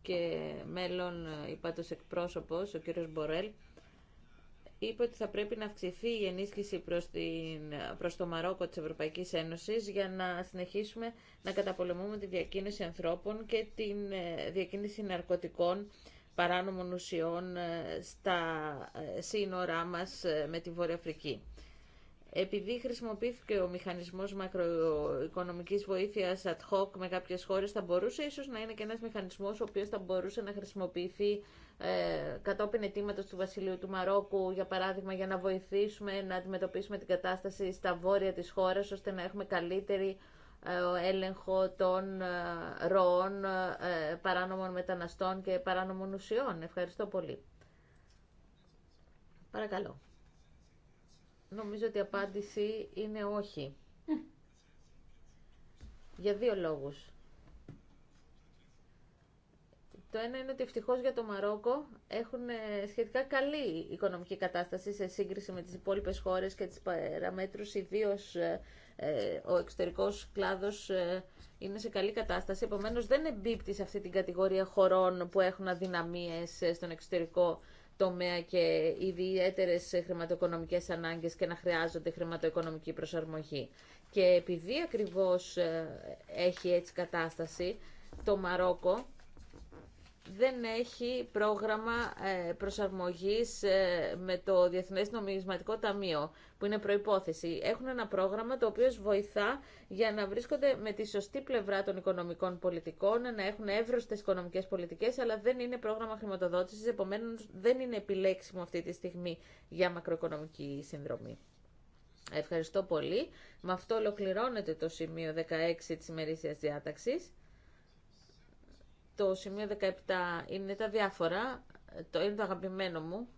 [SPEAKER 3] και μέλλον υπάτος εκπρόσωπος, ο κύριος Μπορέλ, είπε ότι θα πρέπει να αυξηθεί η ενίσχυση προς, την, προς το Μαρόκο της Ευρωπαϊκής Ένωσης για να συνεχίσουμε να καταπολεμούμε τη διακίνηση ανθρώπων και τη ε, διακίνηση ναρκωτικών παράνομων ουσιών ε, στα ε, σύνορά μας με τη Βόρεια Αφρική επειδή χρησιμοποιήθηκε ο μηχανισμός μακροοικονομικής βοήθειας ad hoc με κάποιες χώρες, θα μπορούσε ίσως να είναι και ένας μηχανισμός ο οποίος θα μπορούσε να χρησιμοποιηθεί ε, κατόπιν αιτήματο του Βασιλείου του Μαρόκου, για παράδειγμα, για να βοηθήσουμε να αντιμετωπίσουμε την κατάσταση στα βόρεια της χώρα ώστε να έχουμε καλύτερη ε, έλεγχο των ε, ροών παράνομων μεταναστών και παράνομων ουσιών. Ευχαριστώ πολύ. Παρακαλώ. Νομίζω ότι η απάντηση είναι όχι. Για δύο λόγους. Το ένα είναι ότι ευτυχώ για το Μαρόκο έχουν ε, σχετικά καλή οικονομική κατάσταση σε σύγκριση με τις υπόλοιπες χώρες και τις παραμέτρους, ιδίω ε, ε, ο εξωτερικός κλάδος ε, είναι σε καλή κατάσταση, επομένως δεν εμπίπτει σε αυτή την κατηγορία χωρών που έχουν αδυναμίες στον εξωτερικό τομέα και ιδιαίτερε χρηματοοικονομικές ανάγκες και να χρειάζονται χρηματοοικονομική προσαρμογή. Και επειδή ακριβώς ε, έχει έτσι κατάσταση, το Μαρόκο δεν έχει πρόγραμμα ε, προσαρμογής ε, με το Διεθνές Νομισματικό Ταμείο, που είναι προϋπόθεση. Έχουν ένα πρόγραμμα το οποίο βοηθά για να βρίσκονται με τη σωστή πλευρά των οικονομικών πολιτικών, να έχουν εύρωστες οικονομικές πολιτικές, αλλά δεν είναι πρόγραμμα χρηματοδότησης, επομένως δεν είναι επιλέξιμο αυτή τη στιγμή για μακροοικονομική συνδρομή. Ευχαριστώ πολύ. Με αυτό ολοκληρώνεται το σημείο 16 της ημερήσιας διάταξης. Το σημείο 17 είναι τα διάφορα, το είναι το αγαπημένο μου,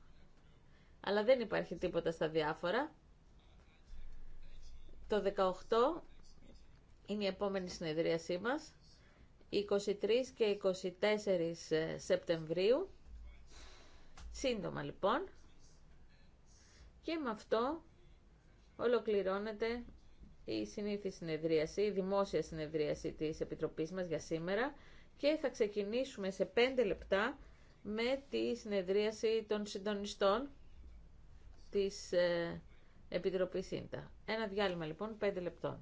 [SPEAKER 3] αλλά δεν υπάρχει τίποτα στα διάφορα. Το 18 είναι η επόμενη συνεδρίασή μας, 23 και 24 ε, Σεπτεμβρίου. Σύντομα λοιπόν. Και με αυτό ολοκληρώνεται η συνήθη συνεδρίαση, η δημόσια συνεδρίαση της Επιτροπής μας για σήμερα και θα ξεκινήσουμε σε 5 λεπτά με τη συνεδρίαση των συντονιστών της ε, Επιτροπής ΣΥΝΤΑ. Ένα διάλειμμα λοιπόν 5 λεπτών.